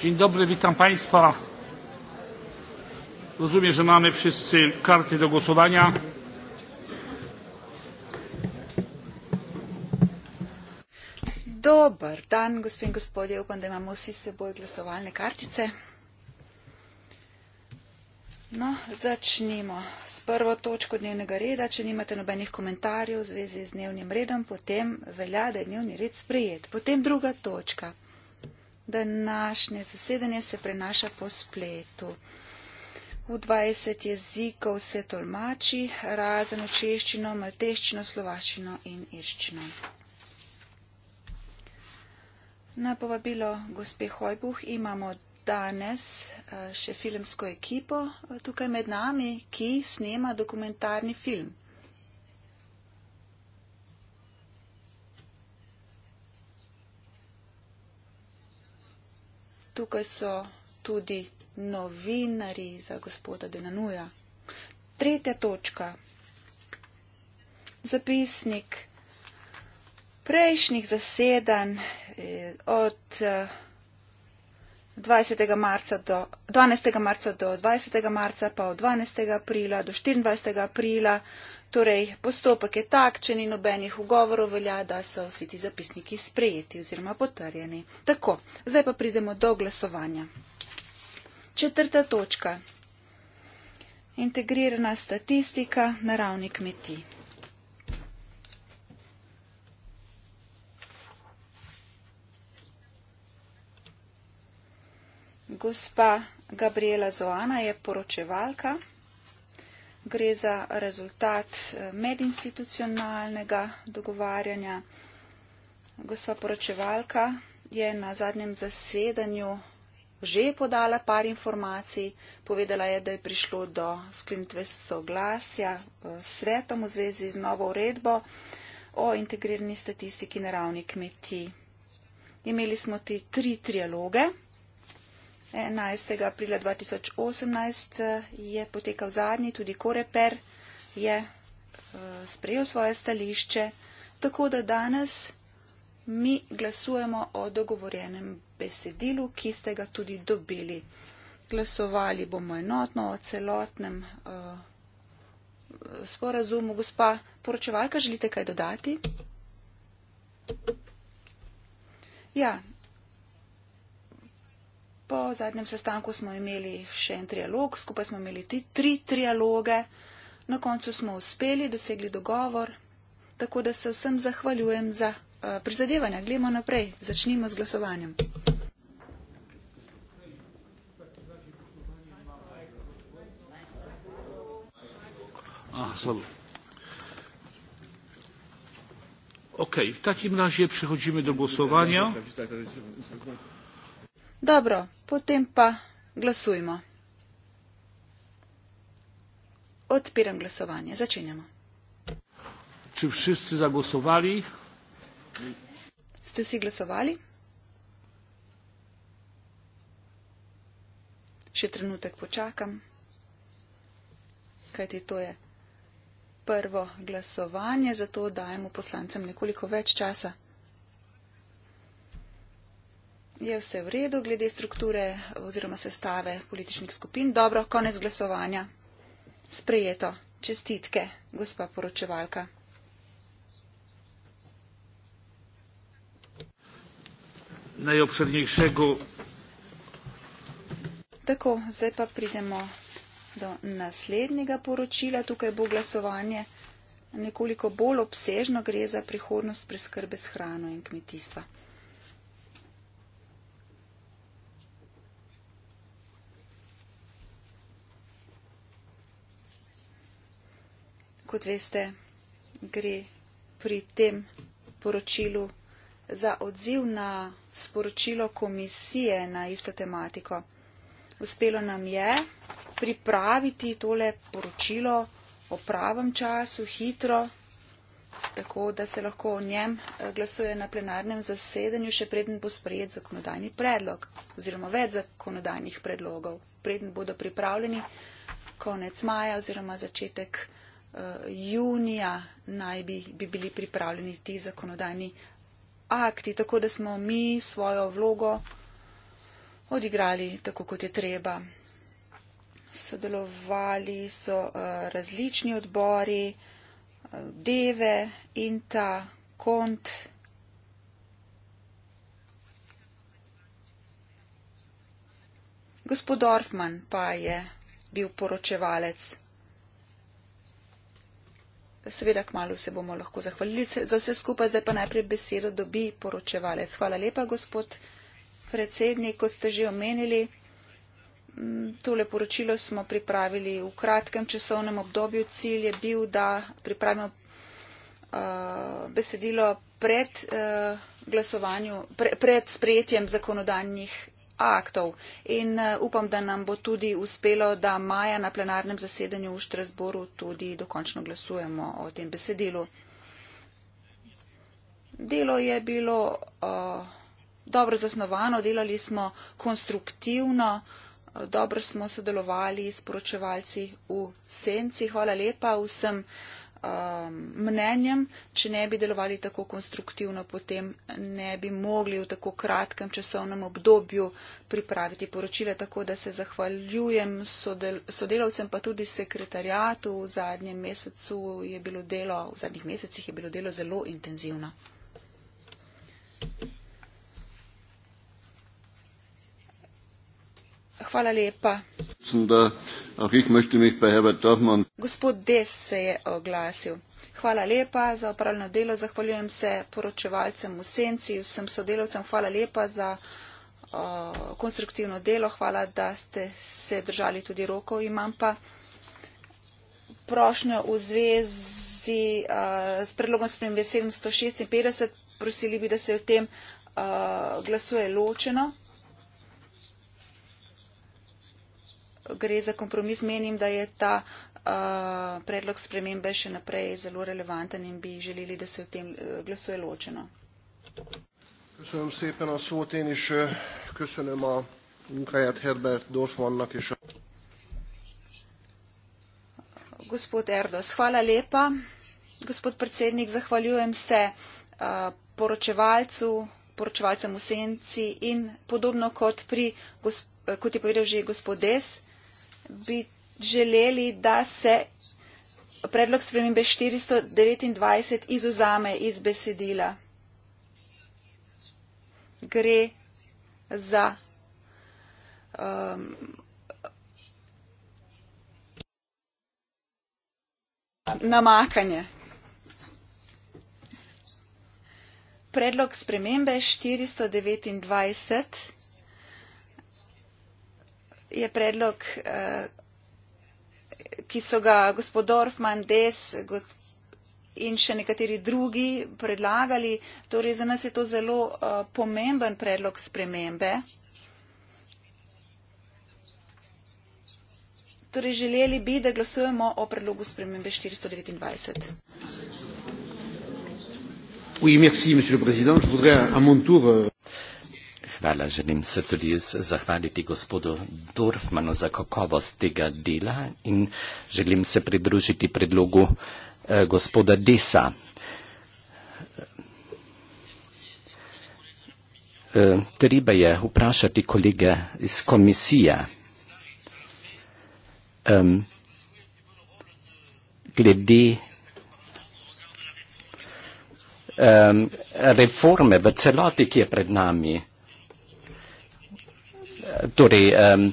Dzień dobry, witam państwa. Rozumiem, że mamy wszyscy karty do głosowania. Dobar dan, gospod in gospodje. Upam, da imamo vsi seboj glasovalne kartice. No, začnimo s prvo točko dnevnega reda. Če nimate nobenih komentarjev v zvezi z dnevnim redom, potem velja, da je dnevni red sprejet. Potem druga točka. Današnje zasedanje se prenaša po spletu. V 20 jezikov se tolmači, razen v češčino, malteščino, slovačino in irščino. Na povabilo gospe Hojbuh imamo danes eh, še filmsko ekipo eh, tukaj med nami, ki snema dokumentarni film. tukaj so tudi novinari za gospoda Denanuja. Tretja točka. Zapisnik prejšnjih zasedanj eh, od 20. Eh, marca do, 12. marca do 20. marca, pa od 12. aprila do 24. aprila Torej, postopek je tak, če ni nobenih ugovorov, velja, da so vsi ti zapisniki sprejeti oziroma potrjeni. Tako, zdaj pa pridemo do glasovanja. Četrta točka. Integrirana statistika na ravni kmetij. Gospa Gabriela Zoana je poročevalka gre za rezultat eh, medinstitucionalnega dogovarjanja. Gospa poročevalka je na zadnjem zasedanju že podala par informacij, povedala je, da je prišlo do sklenitve soglasja eh, s svetom v zvezi z novo uredbo o integrirani statistiki na ravni kmetij. Imeli smo ti tri trialoge. 11. aprila 2018 eh, je potekal zadnji, tudi Koreper je eh, sprejel svoje stališče, tako da danes mi glasujemo o dogovorjenem besedilu, ki ste ga tudi dobili. Glasovali bomo enotno o celotnem uh, sporazumu. Gospa poročevalka, želite kaj dodati? Ja, Po zadnjem sestanku smo imeli še en trialog, skupaj smo imeli ti tri trialoge, na koncu smo uspeli, dosegli dogovor, tako da se vsem zahvaljujem za uh, prizadevanja. Glejmo naprej, začnimo z glasovanjem. Ah, ok, v takim razie przechodzimy do głosowania. Dobro, potem pa glasujmo. Odpiram glasovanje. Začenjamo. Če všichni zagosovali? Ste vsi glasovali? Še trenutek počakam, kajti to je prvo glasovanje, zato dajemo poslancem nekoliko več časa je vse v redu glede strukture oziroma sestave političnih skupin. Dobro, konec glasovanja. Sprejeto. Čestitke, gospa poročevalka. Najobširnejšega. Tako, zdaj pa pridemo do naslednjega poročila. Tukaj bo glasovanje nekoliko bolj obsežno, gre za prihodnost preskrbe s hrano in kmetijstva. kot veste, gre pri tem poročilu za odziv na sporočilo komisije na isto tematiko. Uspelo nam je pripraviti tole poročilo o pravem času, hitro, tako da se lahko o njem eh, glasuje na plenarnem zasedanju, še preden bo sprejet zakonodajni predlog oziroma več zakonodajnih predlogov, preden bodo pripravljeni konec maja oziroma začetek Eh, junija naj bi, bi bili pripravljeni ti zakonodajni akti, tako da smo mi svojo vlogo odigrali tako, kot je treba. Sodelovali so uh, različni odbori, uh, Deve, Inta, Kont. Gospod Orfman pa je bil poročevalec. Seveda, k malu se bomo lahko zahvalili za vse skupaj, zdaj pa najprej besedo dobi poročevalec. Hvala lepa, gospod predsednik, kot ste že omenili. Tole poročilo smo pripravili v kratkem časovnem obdobju. Cilj je bil, da pripravimo uh, besedilo pred, uh, pre, pred sprejetjem zakonodajnih aktov. In eh, upam, da nam bo tudi uspelo, da maja na plenarnem zasedanju v Štrasboru tudi dokončno glasujemo o tem besedilu. Delo je bilo uh, dobro zasnovano, delali smo konstruktivno, uh, dobro smo sodelovali s poročevalci v senci. Hvala lepa vsem. Uh, um, mnenjem, če ne bi delovali tako konstruktivno, potem ne bi mogli v tako kratkem časovnem obdobju pripraviti poročila. Tako da se zahvaljujem sodel sodelavcem, pa tudi sekretarjatu. V zadnjem mesecu je bilo delo, v zadnjih mesecih je bilo delo zelo intenzivno. Thank you. Gospod Des se je oglasil. Hvala lepa za opravljeno delo. Zahvaljujem se poročevalcem v senci, vsem sodelovcem. Hvala lepa za o, konstruktivno delo. Hvala, da ste se držali tudi rokov. Imam pa prošnjo v zvezi o, s predlogom spremembe 756. Prosili bi, da se o tem o, glasuje ločeno. gre za kompromis, menim, da je ta uh, predlog spremembe še naprej zelo relevanten in bi želeli, da se o tem e, glasuje ločeno. Köszönöm szépen a szót, én is e, köszönöm a munkáját Herbert Dorfmannak is. Gospod Erdos, hvala lepa. Gospod predsednik, zahvaljujem se uh, poročevalcu, poročevalcem v senci in podobno kot, pri, gosp, kot je povedal že gospod Des, uh, bi želeli, da se predlog spremembe 429 izuzame iz besedila. Gre za um, namakanje. Predlog spremembe 429 je predlog, eh, ki so ga gospod Dorfman, Des in še nekateri drugi predlagali. Torej, za nas je to zelo eh, pomemben predlog spremembe. Torej, želeli bi, da glasujemo o predlogu spremembe 429. Oui, merci, monsieur le président. Je voudrais à mon tour. Euh... Hvala, želim se tudi zahvaliti gospodu Dorfmanu za kakovost tega dela in želim se pridružiti predlogu eh, gospoda Desa. Eh, treba je vprašati kolege iz komisije. Um, glede um, reforme v celoti, ki je pred nami, torej, um,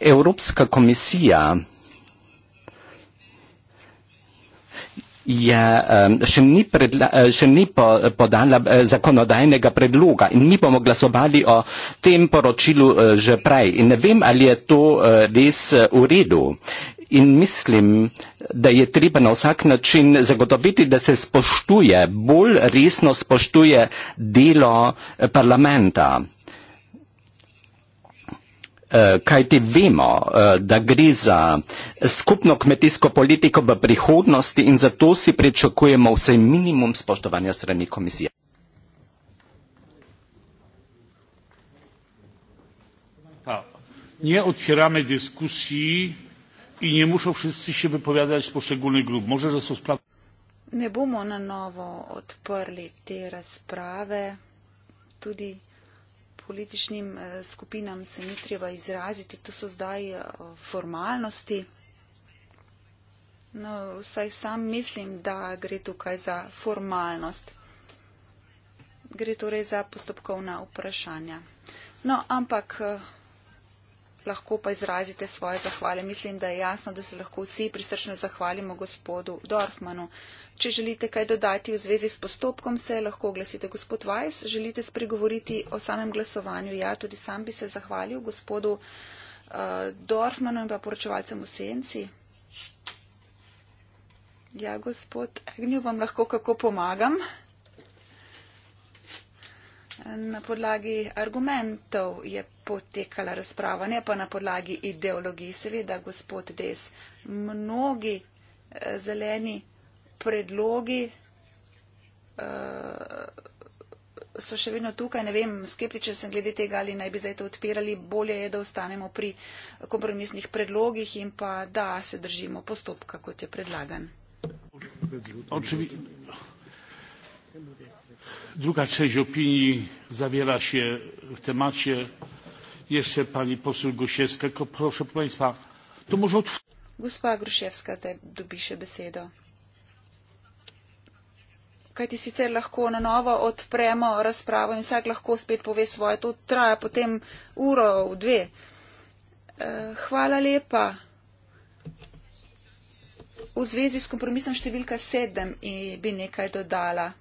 Evropska komisija je um, še ni, predla, eh, še ni po, podala eh, zakonodajnega predloga in mi bomo glasovali o tem poročilu eh, že prej. In ne vem, ali je to eh, res eh, v redu. In mislim, da je treba na vsak način zagotoviti, da se spoštuje, bolj resno spoštuje delo eh, parlamenta. Eh, kaj ti vemo, eh, da gre za skupno kmetijsko politiko v prihodnosti in zato si pričakujemo vse minimum spoštovanja strani komisije. Nie otwieramy dyskusji i nie muszą wszyscy się wypowiadać z poszczególnych grup. Może, że są sprawy... Nie będziemy na nowo otworzyli te rozprawy. Tudi političnim eh, skupinam se ni treba izraziti, to so zdaj eh, formalnosti. No, vsaj sam mislim, da gre tukaj za formalnost. Gre torej za postopkovna vprašanja. No, ampak eh, lahko pa izrazite svoje zahvale. Mislim, da je jasno, da se lahko vsi prisrčno zahvalimo gospodu Dorfmanu. Če želite kaj dodati v zvezi s postopkom, se lahko oglasite. Gospod Vajs, želite spregovoriti o samem glasovanju? Ja, tudi sam bi se zahvalil gospodu uh, Dorfmanu in pa poročevalcem v senci. Ja, gospod Agnew, vam lahko kako pomagam? Na podlagi argumentov je potekala razprava, ne pa na podlagi ideologiji. Seveda, gospod Des, mnogi eh, zeleni predlogi eh, so še vedno tukaj. Ne vem, skeptičen sem glede tega, ali naj bi zdaj to odpirali. Bolje je, da ostanemo pri kompromisnih predlogih in pa da se držimo postopka, kot je predlagan. Očevi druga część opinii zawiera się w temacie. Jeszcze pani poseł Gosiewska, tylko proszę państwa, to może otw- Gospa Gruševska, zdaj dobi še besedo. Kaj ti sicer lahko na novo odpremo razpravo in vsak lahko spet pove svoje, to traja potem uro, dve. Eh, hvala lepa. V zvezi s kompromisom številka sedem eh, bi nekaj dodala.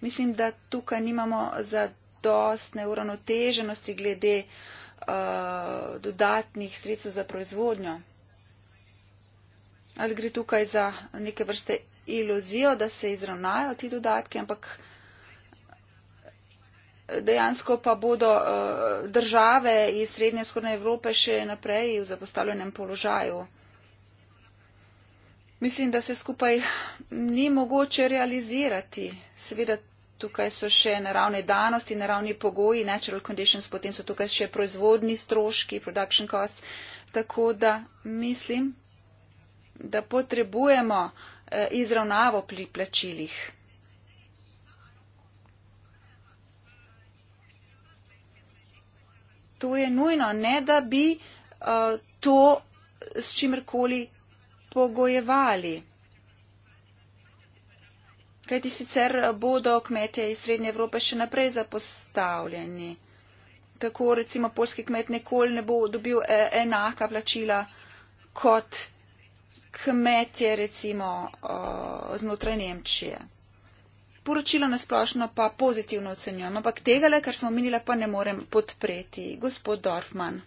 Mislim, da tukaj nimamo zadostne uravnoteženosti glede uh, dodatnih sredstev za proizvodnjo. Ali gre tukaj za neke vrste iluzijo, da se izravnajo ti dodatki, ampak dejansko pa bodo uh, države iz Srednje in Skorne Evrope še naprej v zapostavljenem položaju. Mislim, da se skupaj ni mogoče realizirati. Seveda tukaj so še naravne danosti, naravni pogoji, natural conditions, potem so tukaj še proizvodni stroški, production costs. Tako da mislim, da potrebujemo eh, izravnavo pri plačilih. To je nujno, ne da bi uh, to s čimrkoli pogojevali kajti sicer bodo kmetje iz Srednje Evrope še naprej zapostavljeni. Tako recimo polski kmet nikoli ne bo dobil e, enaka plačila kot kmetje recimo znotraj Nemčije. Poročilo nasplošno pa pozitivno ocenjujem, ampak tega le, kar smo omenili, pa ne morem podpreti. Gospod Dorfman,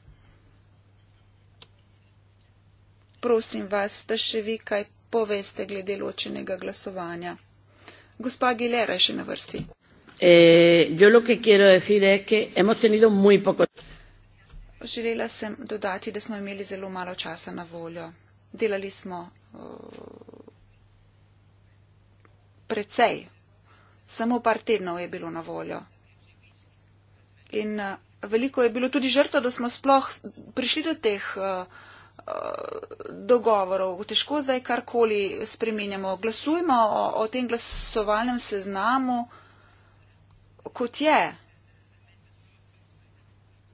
prosim vas, da še vi kaj poveste glede ločenega glasovanja. Gospa Aguilera je še na vrsti. Eh, Želela sem dodati, da smo imeli zelo malo časa na voljo. Delali smo eh, precej, samo par tednov je bilo na voljo. In eh, veliko je bilo tudi žrtev, da smo sploh prišli do teh uh, dogovorov. Težko zdaj karkoli spremenjamo. Glasujmo o, o tem glasovalnem seznamu, kot je.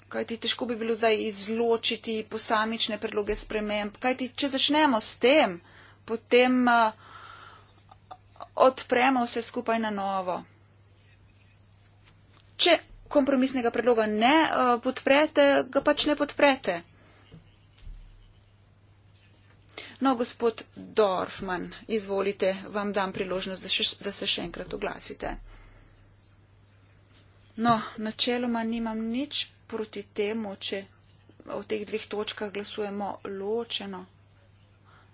Kajti težko bi bilo zdaj izločiti posamične predloge sprememb. Kajti, če začnemo s tem, potem uh, odpremo vse skupaj na novo. Če kompromisnega predloga ne uh, podprete, ga pač ne podprete. No, gospod Dorfman, izvolite, vam dam priložnost, da, še, da se še enkrat oglasite. No, načeloma nimam nič proti temu, če o teh dveh točkah glasujemo ločeno.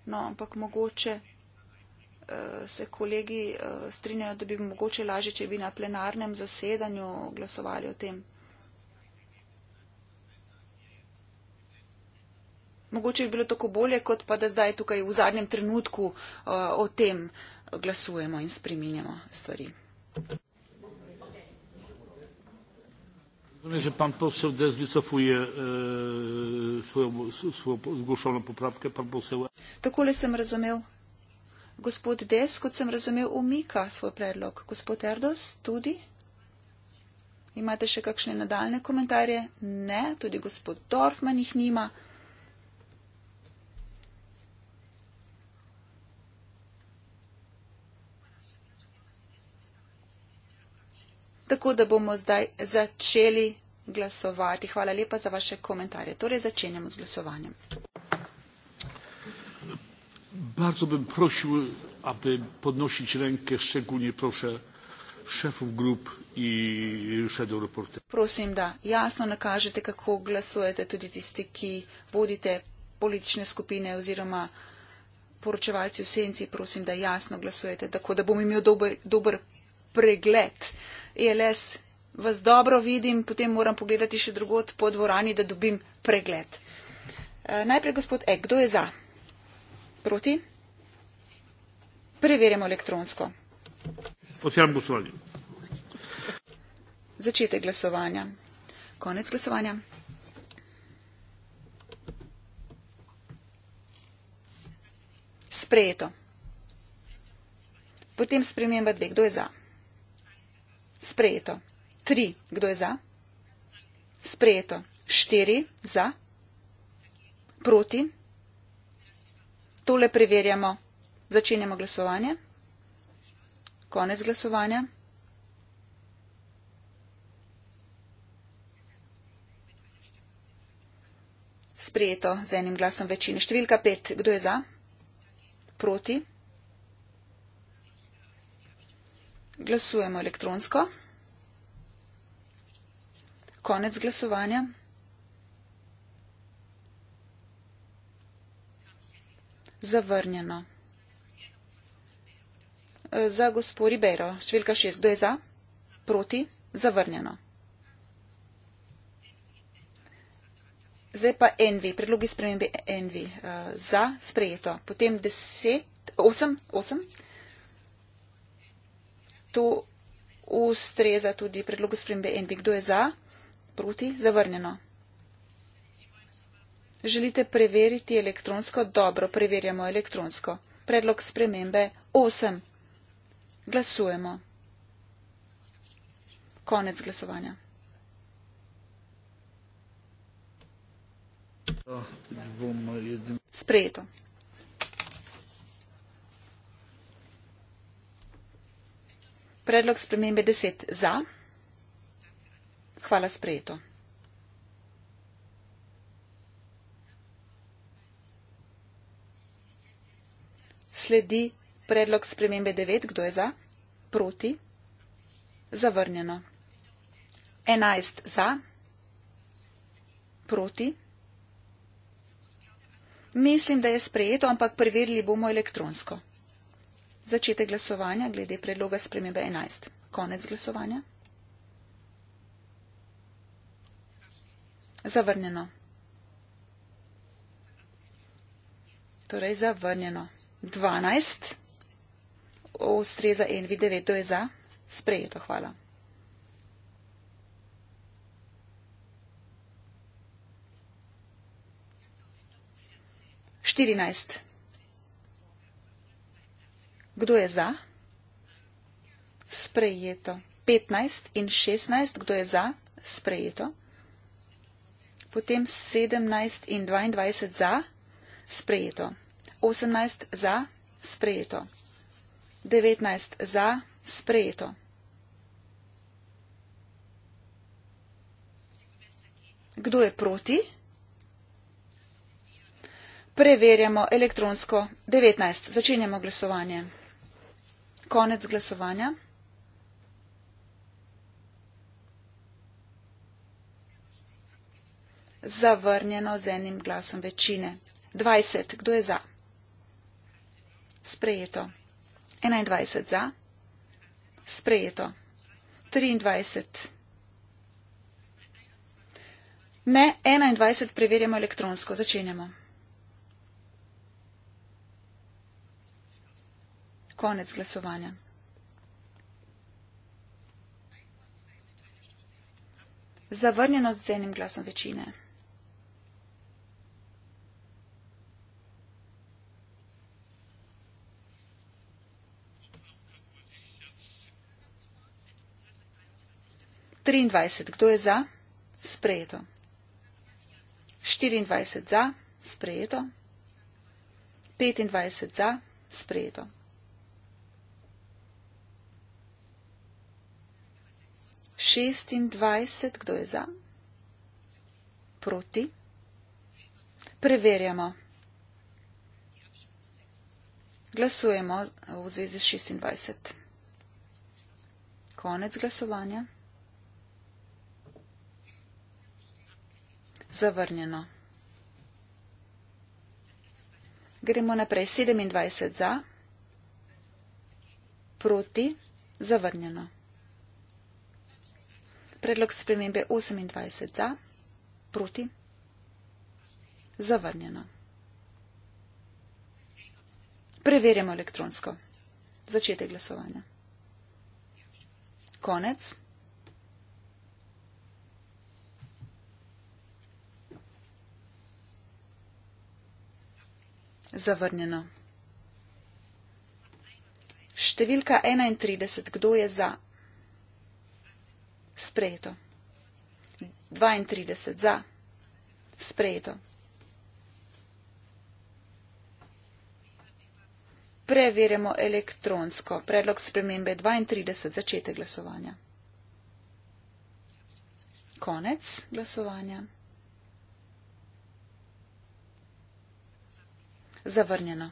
No, ampak mogoče eh, se kolegi eh, strinjajo, da bi mogoče lažje, če bi na plenarnem zasedanju glasovali o tem. mogoče bi bilo tako bolje, kot pa da zdaj tukaj v zadnjem trenutku uh, o tem glasujemo in spreminjamo stvari. Že pan poseł desvisofuje e, svojo zgušalno popravke, pan poseł. Takole sem razumel. Gospod Des, kot sem razumel, umika svoj predlog. Gospod Erdos, tudi? Imate še kakšne nadaljne komentarje? Ne, tudi gospod Dorfman jih nima. Tako da bomo zdaj začeli glasovati. Hvala lepa za vaše komentarje. Torej začenjamo z glasovanjem. Bardzo bym prosił, aby podnosić rękę, szczególnie proszę szefów grup i shadow reporter. Prosim, da jasno nakażete, jak głosujecie, tudi tisti, ki vodite polityczne skupine, oziroma poruczewalcy w sensi, prosim, da jasno głosujecie, tak, da bym miał dobry pregled. Uh, ELS vas dobro vidim, potem moram pogledati še drugot po dvorani, da dobim pregled. Eh, najprej gospod E, kdo je za? Proti? Preverjamo elektronsko. Odpiram glasovanje. Začetek glasovanja. Konec glasovanja. Sprejeto. Potem sprememba dve. Kdo je za? Sprejeto. Tri. Kdo je za? Sprejeto. Štiri. Za. Proti. Tole preverjamo. Začenjamo glasovanje. Konec glasovanja. Sprejeto z enim glasom večine. Številka pet. Kdo je za? Proti. Glasujemo elektronsko. Konec glasovanja. Zavrnjeno. E, za gospod Ribeiro, številka šest. Kdo je za? Proti? Zavrnjeno. Zdaj pa NV, predlogi spremembe NV. E, za, sprejeto. Potem deset, osem, osem to ustreza tudi predlogu spremembe NB. Kdo je za? Proti? Zavrnjeno. Želite preveriti elektronsko? Dobro, preverjamo elektronsko. Predlog spremembe 8. Glasujemo. Konec glasovanja. Sprejeto. Predlog spremembe 10 za. Hvala sprejeto. Sledi predlog spremembe 9. Kdo je za? Proti. Zavrnjeno. 11 za. Proti. Mislim, da je sprejeto, ampak preverili bomo elektronsko. Začetek glasovanja glede predloga spremembe 11. Konec glasovanja. Zavrnjeno. Torej, zavrnjeno. 12. Ustreza Envi 9. To je za. Sprejeto. Hvala. Štirinajst. Kdo je za? Sprejeto. 15 in 16. Kdo je za? Sprejeto. Potem 17 in 22 za? Sprejeto. 18 za? Sprejeto. 19 za? Sprejeto. 20. Kdo je proti? Preverjamo elektronsko 19. Začenjamo glasovanje. Konec glasovanja. Zavrnjeno z enim glasom večine. 20. Kdo je za? Sprejeto. 21. Za? Sprejeto. 23. Ne, 21. Preverjamo elektronsko. Začenjamo. Konec glasovanja. Zavrnjeno z enim glasom večine. Triindvajset. Kdo je za? Sprejeto. Štiriindvajset za? Sprejeto. Petindvajset za? Sprejeto. 26, kdo je za? Proti? Preverjamo. Glasujemo v zvezi s 26. Konec glasovanja. Zavrnjeno. Gremo naprej. 27 za, proti, zavrnjeno. Predlog spremembe 28 za, proti, zavrnjeno. Preverjamo elektronsko. Začete glasovanje. Konec. Zavrnjeno. Številka 31. Kdo je za? sprejeto. 32 za. Sprejeto. Preverjamo elektronsko. Predlog spremembe 32 začete glasovanja. Konec glasovanja. Zavrnjeno.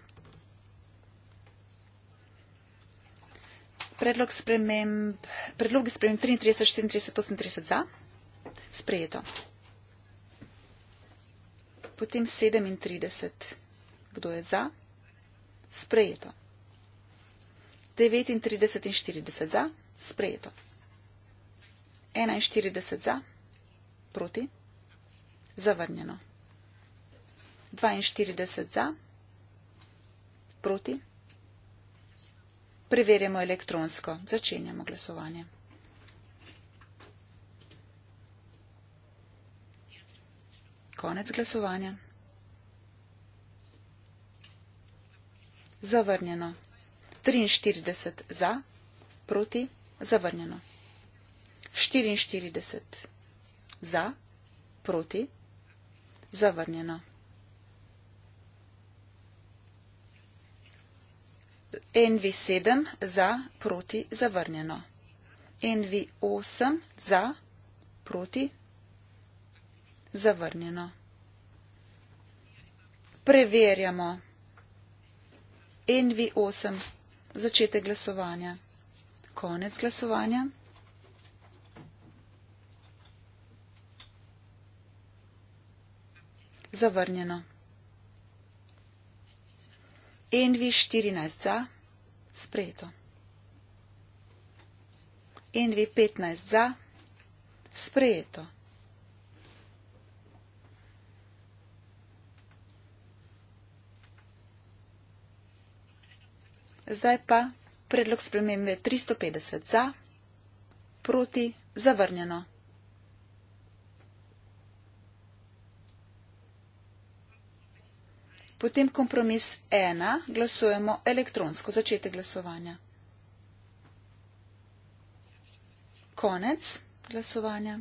Predlog sprememb, predlogi sprememb 33, 34, 38 za. Sprejeto. Potem 37. Kdo je za? Sprejeto. 39 in 40 za. Sprejeto. 41 za. Proti. Zavrnjeno. 42 za. Proti. Preverjamo elektronsko. Začenjamo glasovanje. Konec glasovanja. Zavrnjeno. 43 za, proti, zavrnjeno. 44 za, proti, zavrnjeno. NV7 za, proti, zavrnjeno. NV8 za, proti, zavrnjeno. Preverjamo. NV8 začete glasovanja. Konec glasovanja. Zavrnjeno. Envi 14 za, sprejeto. Envi 15 za, sprejeto. Zdaj pa predlog spremembe 350 za, proti, zavrnjeno. Potem kompromis 1 glasujemo elektronsko začetek glasovanja. Konec glasovanja.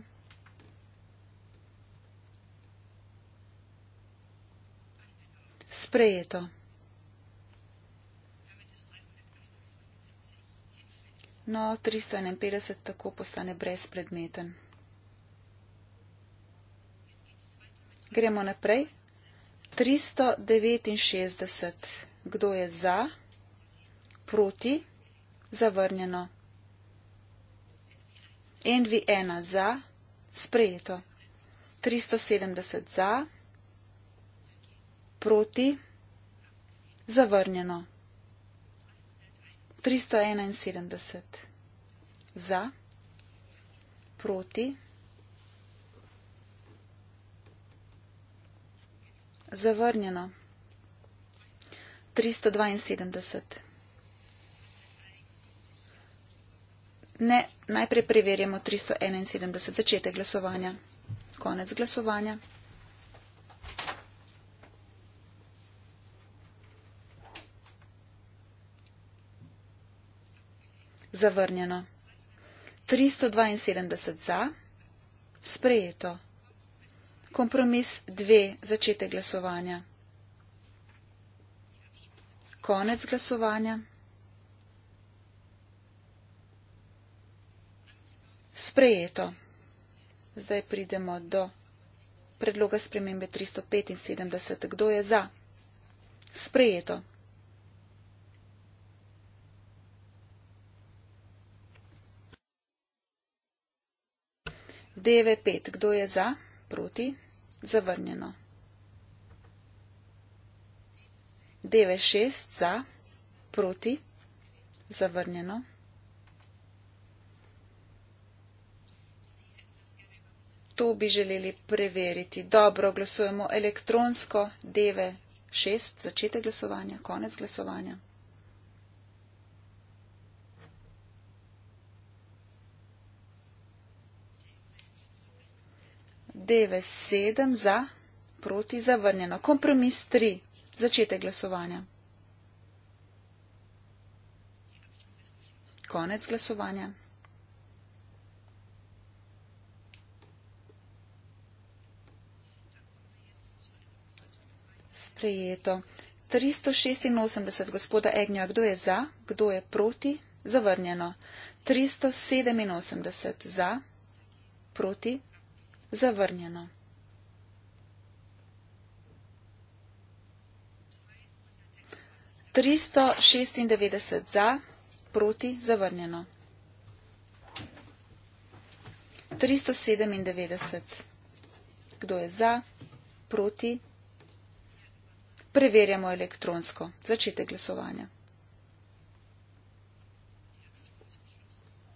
Sprejeto. No, 351 tako postane brezpredmeten. Gremo naprej. 369. Kdo je za? Proti? Zavrnjeno. Envi ena za. Sprejeto. 370 za. Proti? Zavrnjeno. 371. Za. Proti? Zavrnjeno. 372. Ne, najprej preverjamo 371. Začetek glasovanja. Konec glasovanja. Zavrnjeno. 372 za. Sprejeto. Kompromis 2. Začetek glasovanja. Konec glasovanja. Sprejeto. Zdaj pridemo do predloga spremembe 375. Kdo je za? Sprejeto. DV5. Kdo je za? proti, zavrnjeno. DV6 za, proti, zavrnjeno. To bi želeli preveriti. Dobro, glasujemo elektronsko. DV6, začetek glasovanja, konec glasovanja. Deve 7 za, proti zavrnjeno. Kompromis 3. Začete glasovanja. Konec glasovanja. Sprejeto. 386 gospoda Egnjo, kdo je za, kdo je proti, zavrnjeno. 387 za, proti, zavrnjeno. Tristo šestindevetdeset za, proti zavrnjeno. Tristo sedemindevetdeset. Kdo je za, proti? Preverjamo elektronsko začetek glasovanja.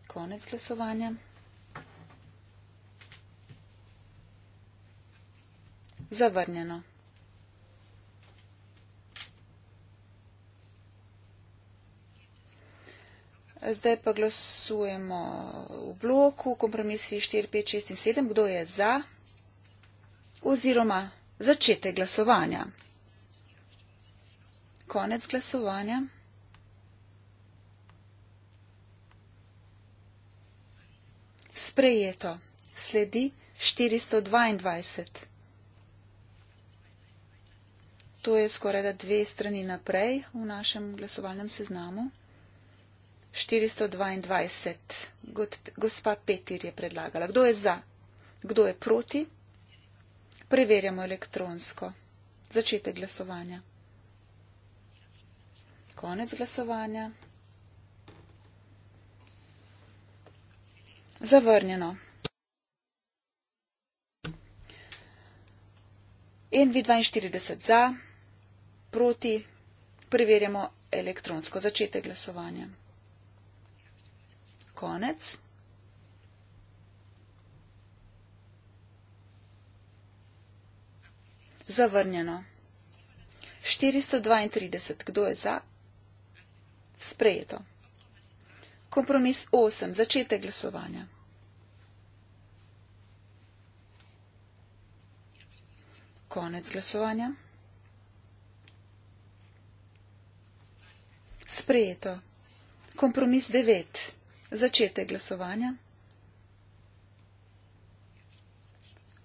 Konec glasovanja. Zavrnjeno. Zdaj pa glasujemo v bloku kompromisi 4, 5, 6 in 7. Kdo je za? Oziroma začete glasovanja. Konec glasovanja. Sprejeto. Sledi 422 to je skoraj da dve strani naprej v našem glasovalnem seznamu. 422. Gospa Petir je predlagala. Kdo je za? Kdo je proti? Preverjamo elektronsko. Začetek glasovanja. Konec glasovanja. Zavrnjeno. NV 42 za, proti, preverjamo elektronsko začetek glasovanja. Konec. Zavrnjeno. 432. Kdo je za? Sprejeto. Kompromis 8. Začetek glasovanja. Konec glasovanja. Sprejeto. Kompromis 9. Začete glasovanja.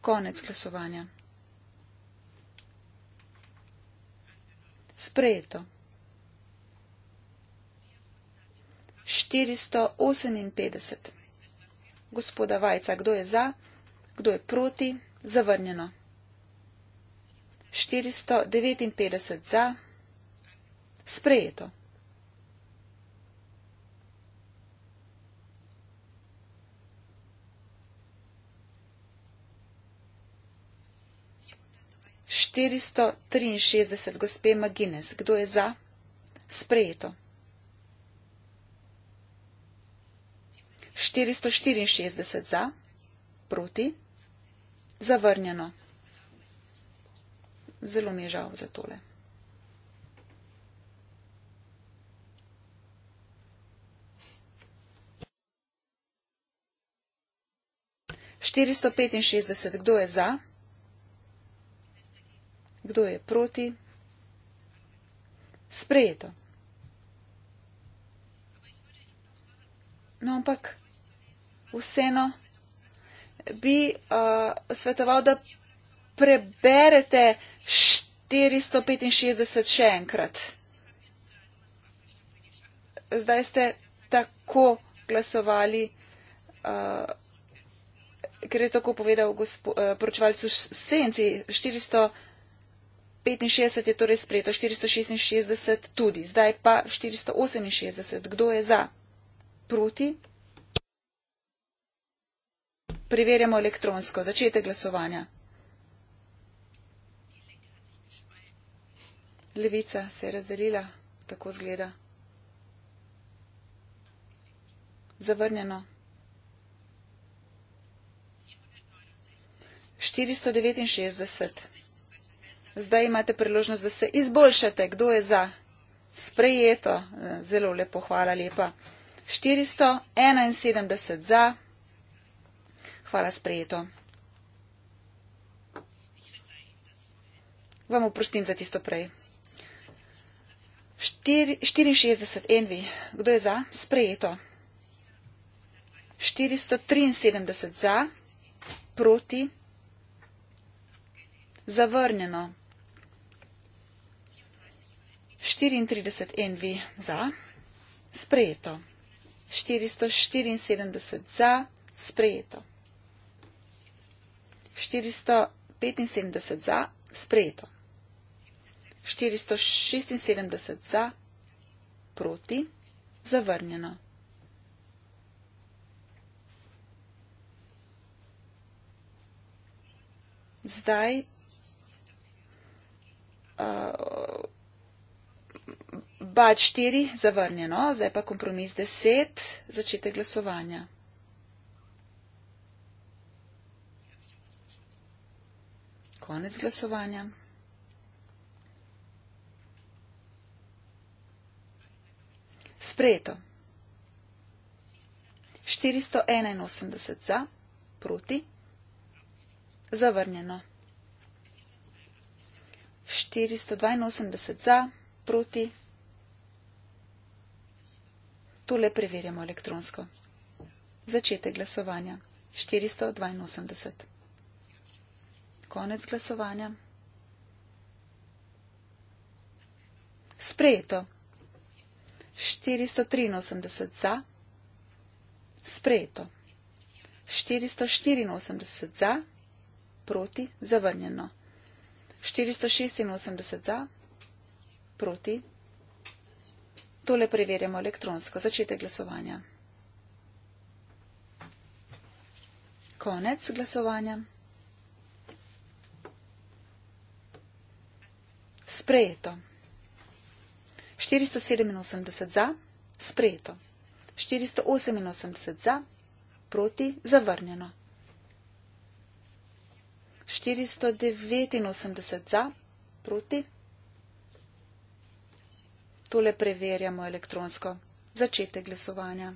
Konec glasovanja. Sprejeto. 458. Gospoda Vajca, kdo je za, kdo je proti, zavrnjeno. 459 za, sprejeto. 463 gospe Magines. Kdo je za? Sprejeto. 464 za, proti, zavrnjeno. Zelo mi je žal za tole. 465, kdo je za? kdo je proti. Sprejeto. No, ampak vseeno bi uh, svetoval, da preberete 465 še enkrat. Zdaj ste tako glasovali, uh, ker je tako povedal gospo, uh, poročevalcu Senci 400. 65 je torej sprejeto, 466 tudi, zdaj pa 468. Kdo je za? Proti? Preverjamo elektronsko. Začetek glasovanja. Levica se je razdelila, tako zgleda. Zavrnjeno. 469 zdaj imate priložnost, da se izboljšate, kdo je za sprejeto. Zelo lepo, hvala lepa. 471 za. Hvala sprejeto. Vam oprostim za tisto prej. 64 envi. Kdo je za? Sprejeto. 473 za. Proti. Zavrnjeno. 34 NV za, sprejeto. 474 za, sprejeto. 475 za, sprejeto. 476 za, proti, zavrnjeno. Zdaj. Uh, Bač 4 zavrnjeno, zdaj pa kompromis 10, začetek glasovanja. Konec glasovanja. Sprejeto. 481 za, proti, zavrnjeno. 482 za, proti, zavrnjeno. Tole preverjamo elektronsko. Začetek glasovanja 482. Konec glasovanja. Sprejeto. 483 za. Sprejeto. 484 za. Proti. Zavrnjeno. 486 za. Proti. Tole preverjamo elektronsko. Začetek glasovanja. Konec glasovanja. Sprejeto. 487 za, sprejeto. 488 za, proti, zavrnjeno. 489 za, proti, zavrnjeno. Tole preverjamo elektronsko. Začetek glasovanja.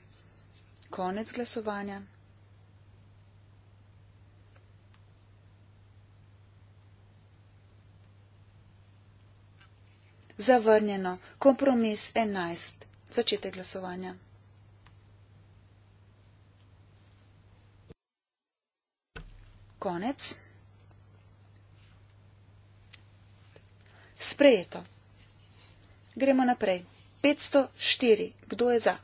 Konec glasovanja. Zavrnjeno. Kompromis 11. Začetek glasovanja. Konec. Sprejeto. Gremo naprej. 504. Kdo je za?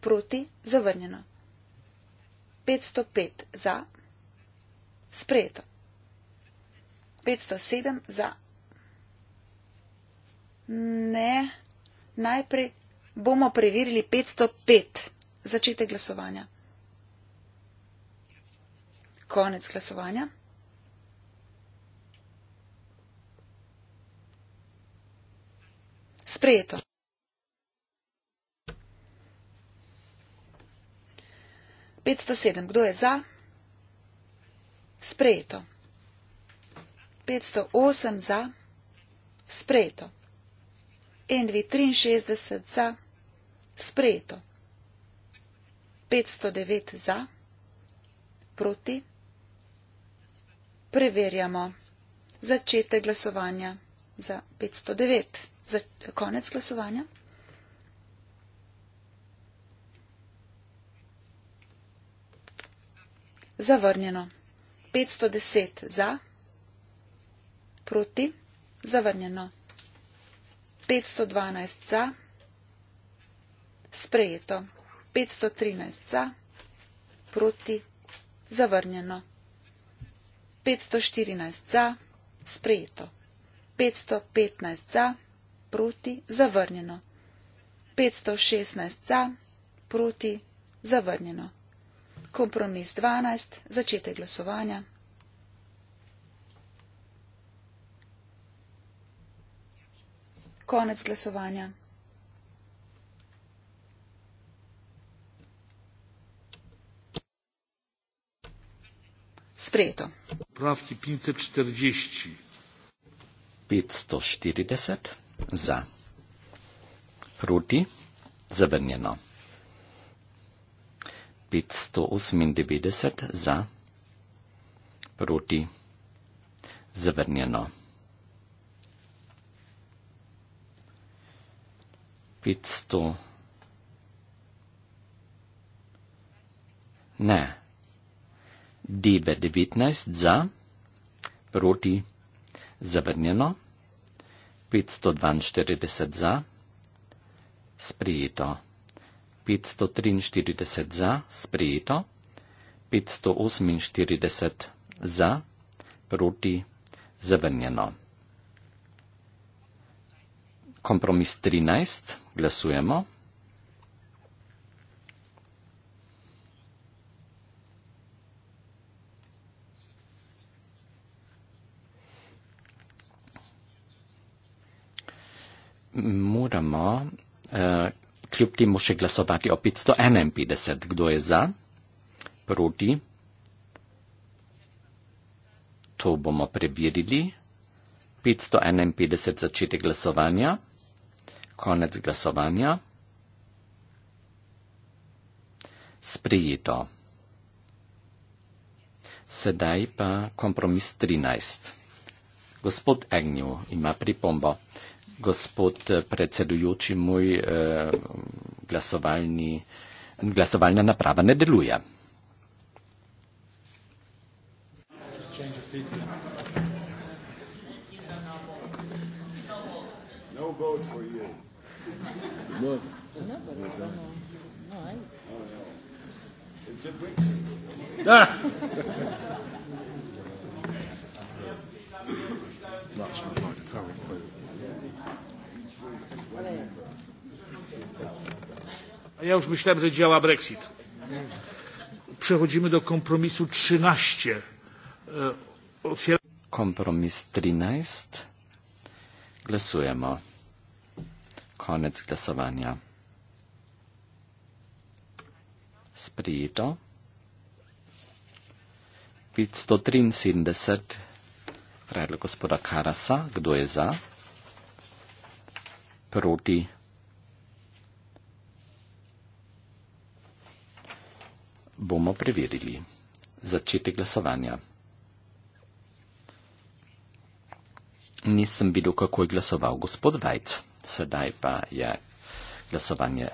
Proti. Zavrnjeno. 505. Za. Sprejeto. 507. Za. Ne. Najprej bomo preverili 505. Začetek glasovanja. Konec glasovanja. Sprejeto. Petsto sedem. Kdo je za? Sprejeto. Petsto osem za? Sprejeto. En dve triinšestdeset za? Sprejeto. Petsto devet za? Proti? Preverjamo začetek glasovanja za petsto devet za konec glasovanja. Zavrnjeno. 510 za, proti, zavrnjeno. 512 za, sprejeto. 513 za, proti, zavrnjeno. 514 za, sprejeto. 515 za, proti zavrnjeno. 516 za proti zavrnjeno. Kompromis 12. Začetek glasovanja. Konec glasovanja. Sprejeto. Pravki 540. 540 za. Proti, zavrnjeno. 598 za, proti, zavrnjeno. 500. Ne. Dibe 19 za, proti, zavrnjeno. 542 za, sprejeto. 543 za, sprejeto. 548 za, proti, zavrnjeno. Kompromis 13, glasujemo. moramo uh, kljub temu še glasovati o 551. Kdo je za? Proti? To bomo preverili. 551 začetek glasovanja. Konec glasovanja. Sprejeto. Sedaj pa kompromis 13. Gospod Agnew ima pripombo gospod eh, predsedujoči, moj eh, glasovalni, glasovalna naprava ne deluje. No, no. no, no it's a Brexit. Ah! That's my point. I can't wait. A ja już myślałem, że działa Brexit. Przechodzimy do kompromisu 13. E, Otwieram... Kompromis 13. Głosujemy. Koniec głosowania. Sprito. 573. Predlog gospoda Karasa. Kdo je za? proti. Bomo preverili začetek glasovanja. Nisem videl, kako je glasoval gospod Vajc. Sedaj pa je glasovanje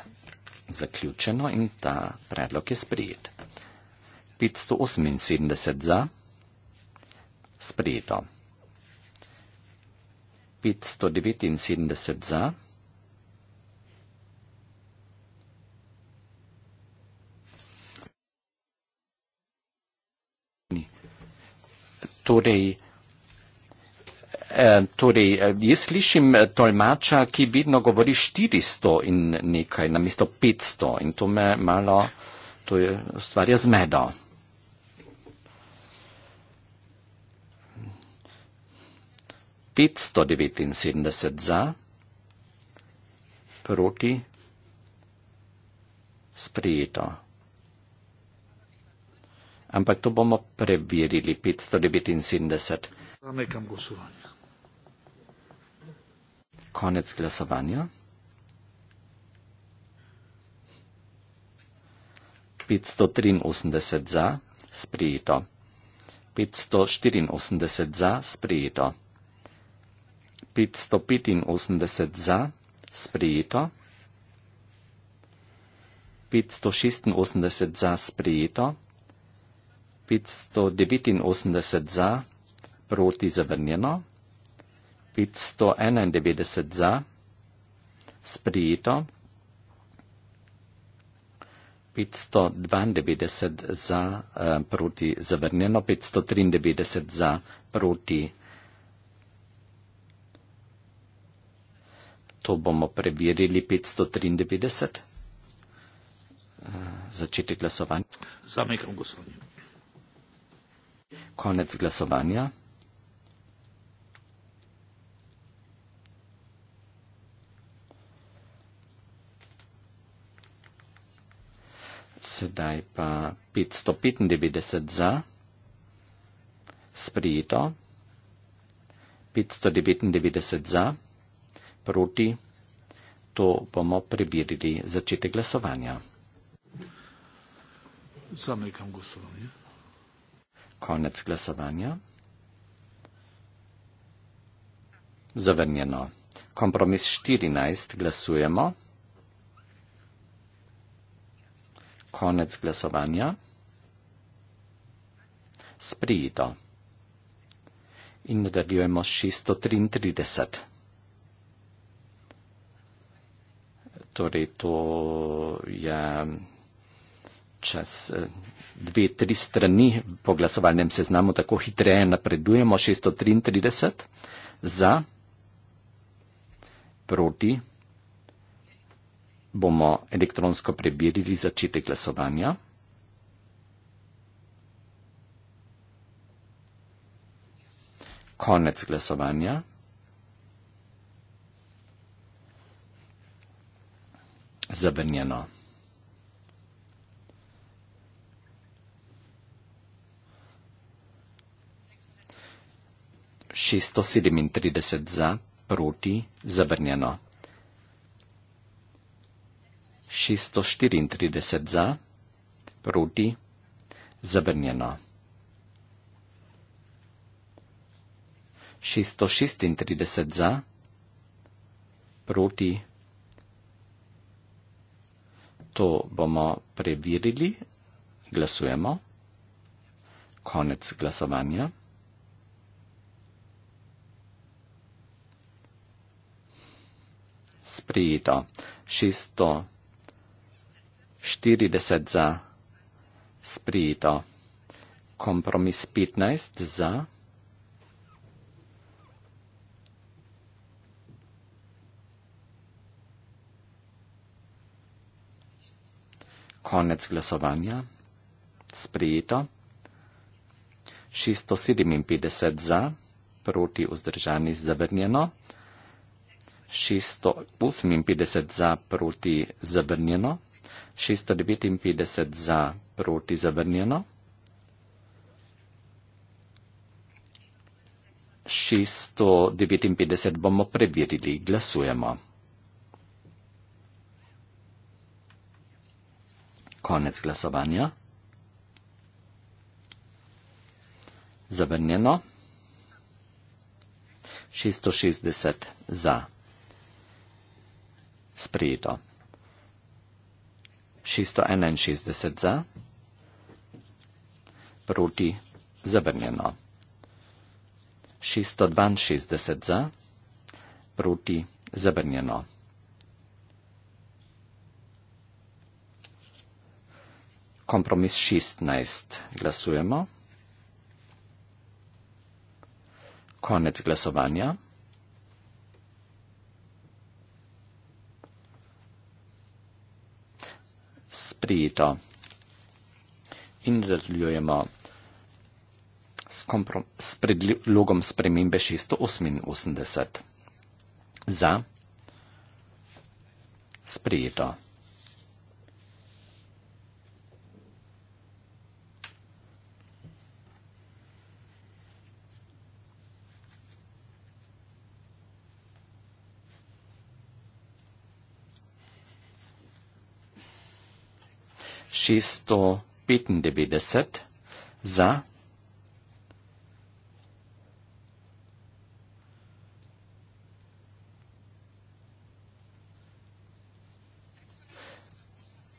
zaključeno in ta predlog je sprejet. 578 za, sprejeto. 579 za, torej, eh, torej, eh, jaz slišim eh, tolmača, ki vedno govori 400 in nekaj, namesto 500 in to me malo, to je stvar je zmedo. petsto devetinsedemdeset za proti sprejeto ampak to bomo preverili 579. Zamekam glasovanje. Konec glasovanja. 583 za, sprijeto. 584 za, sprijeto. 585 za, sprijeto. 586 za, sprijeto. 589 za, proti zavrnjeno, 591 za, sprijeto, 592 za, eh, proti zavrnjeno, 593 za, proti. To bomo preverili 593. Eh, Začeti glasovanje. Za mikrofon, gospodin konec glasovanja. Sedaj pa 595 za, sprijeto, 599 za, proti, to bomo preverili začetek glasovanja. Zamekam glasovanje. Konec glasovanja. Zavrnjeno. Kompromis 14 glasujemo. Konec glasovanja. Sprijeto. In nadaljujemo 633. Torej, to je čas. Eh, dve, tri strani po glasovalnem seznamu tako hitreje napredujemo. 633 za, proti bomo elektronsko preverili začetek glasovanja. Konec glasovanja. Zavrnjeno. 637 za, proti, zavrnjeno. 634 za, proti, zavrnjeno. 636 za, proti. To bomo preverili. Glasujemo. Konec glasovanja. sprijeto. 640 za sprijeto. Kompromis 15 za. Konec glasovanja. Sprijeto. 657 za, proti vzdržani zavrnjeno. 658 za proti zavrnjeno, 659 za proti zavrnjeno, 659 bomo preverili, glasujemo. Konec glasovanja. Zavrnjeno. 660 za sprejeto. 661 za, proti zavrnjeno. 662 za, proti zavrnjeno. Kompromis 16 glasujemo. Konec glasovanja. sprejeta. In nadaljujemo s, s predlogom spremembe 688. Za sprejeto. 695 za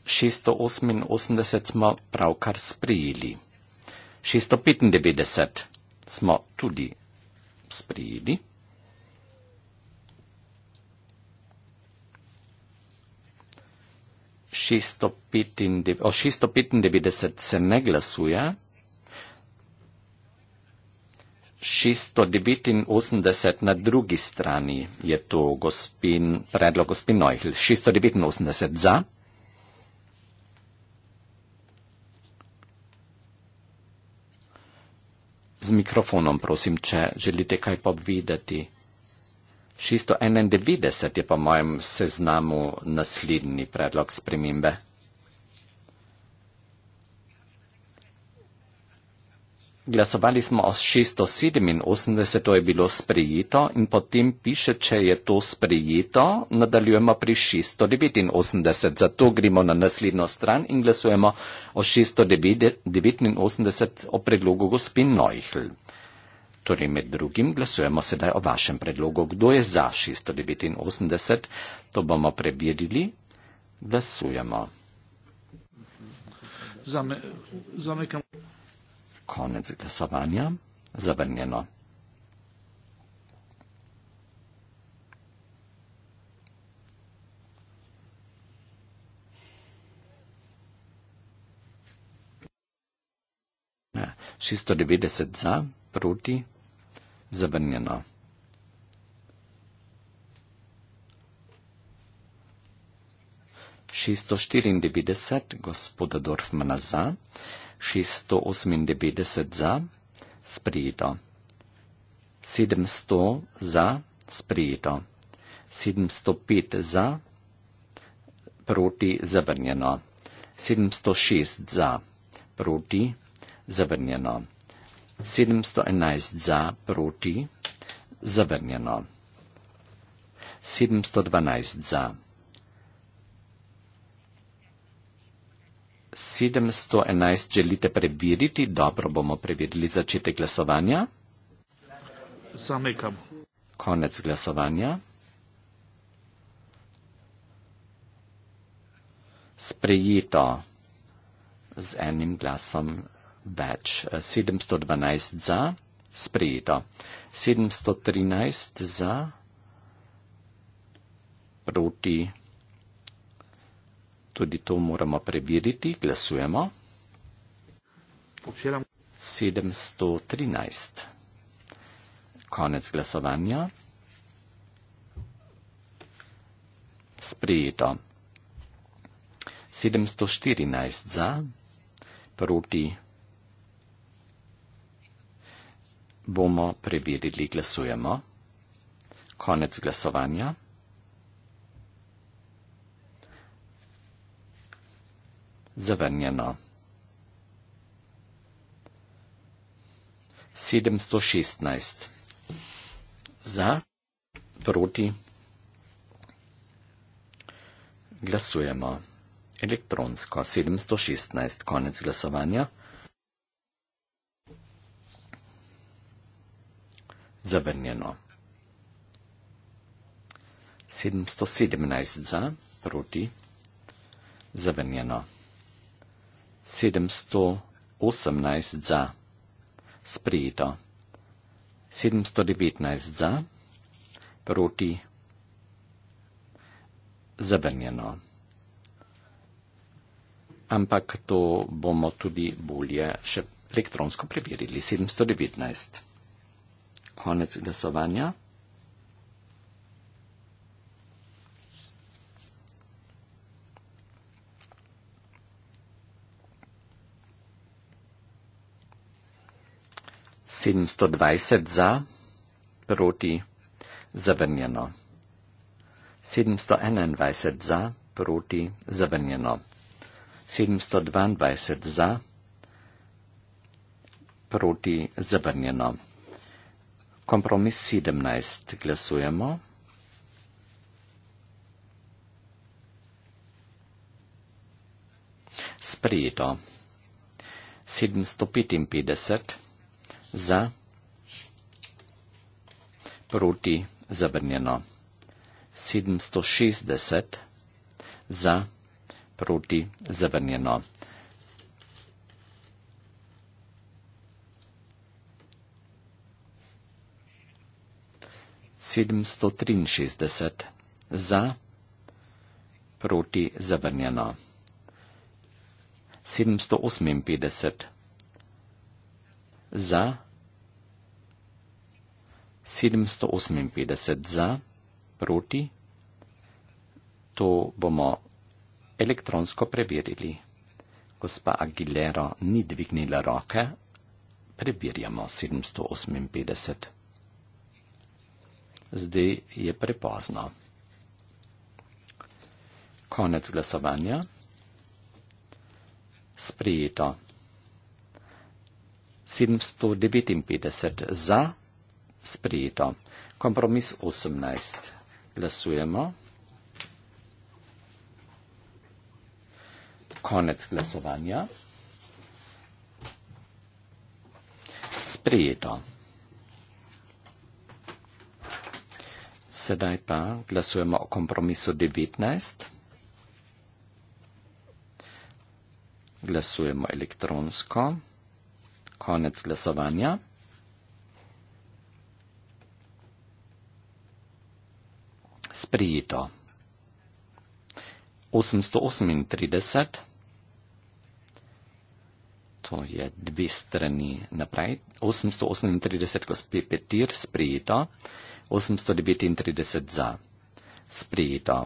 688 smo pravkar sprejeli. 695 smo tudi sprejeli. o 695 se ne glasuje, 689 na drugi strani je to gospin, predlog gospin Neuhl. 689 za. Z mikrofonom prosim, če želite kaj povedati. 691 je po mojem seznamu naslednji predlog spremembe. Glasovali smo o 687, to je bilo sprejeto in potem piše, če je to sprejeto, nadaljujemo pri 689. Zato gremo na naslednjo stran in glasujemo o 689 o predlogu gospin Neuchl. Torej, med drugim glasujemo sedaj o vašem predlogu. Kdo je za 689? To bomo preverili. Glasujemo. Zame, zamekam. Konec glasovanja. Zavrnjeno. Ne. 690 za, proti zavrnjeno. Šesto štiriindevetdeset gospoda Dorfmana za, šesto osemindevetdeset za, sprejeto. Sedemsto za, sprejeto. Sedemsto pet za, proti, zavrnjeno. Sedemsto šest za, proti, zavrnjeno. 711 za, proti, zavrnjeno. 712 za, 711 želite preveriti, dobro bomo preverili začetek glasovanja. Zamekam. Konec glasovanja. Sprejeto z enim glasom več. 712 eh, za, sprejeto. 713 za, proti. Tudi to moramo preveriti, glasujemo. 713. Konec glasovanja. Sprejeto. 714 za, proti bomo preverili, glasujemo. Konec glasovanja. Zavrnjeno. 716. Za, proti. Glasujemo. Elektronsko 716. Konec glasovanja. zavrnjeno. 717 za, proti, zavrnjeno. 718 za, sprejeto. 719 za, proti, zavrnjeno. Ampak to bomo tudi bolje še elektronsko preverili. 719 konec glasovanja. Sedemsto dvajset za, proti zavrnjeno. Sedemsto enaindvajset za, proti zavrnjeno. Sedemsto dvaindvajset za, proti zavrnjeno. Kompromis 17. Glasujemo. Sprijeto. 755 za, proti zabrnjeno. 760 za, proti zabrnjeno. 763, za, proti, zavrnjeno. 758, za, 758, za, proti, to bomo elektronsko preverili. Gospa Aguilera ni dvignila roke, preverjamo 758 zdaj je prepozno. Konec glasovanja. Sprijeto. 759 za. Sprijeto. Kompromis 18. Glasujemo. Konec glasovanja. Sprijeto. Sedaj pa glasujemo o kompromisu 19. Glasujemo elektronsko. Konec glasovanja. Sprijeto. 838. To je dve strani naprej. 838, gospod Petir, sprijeto. 839. 839 za. Sprejeto.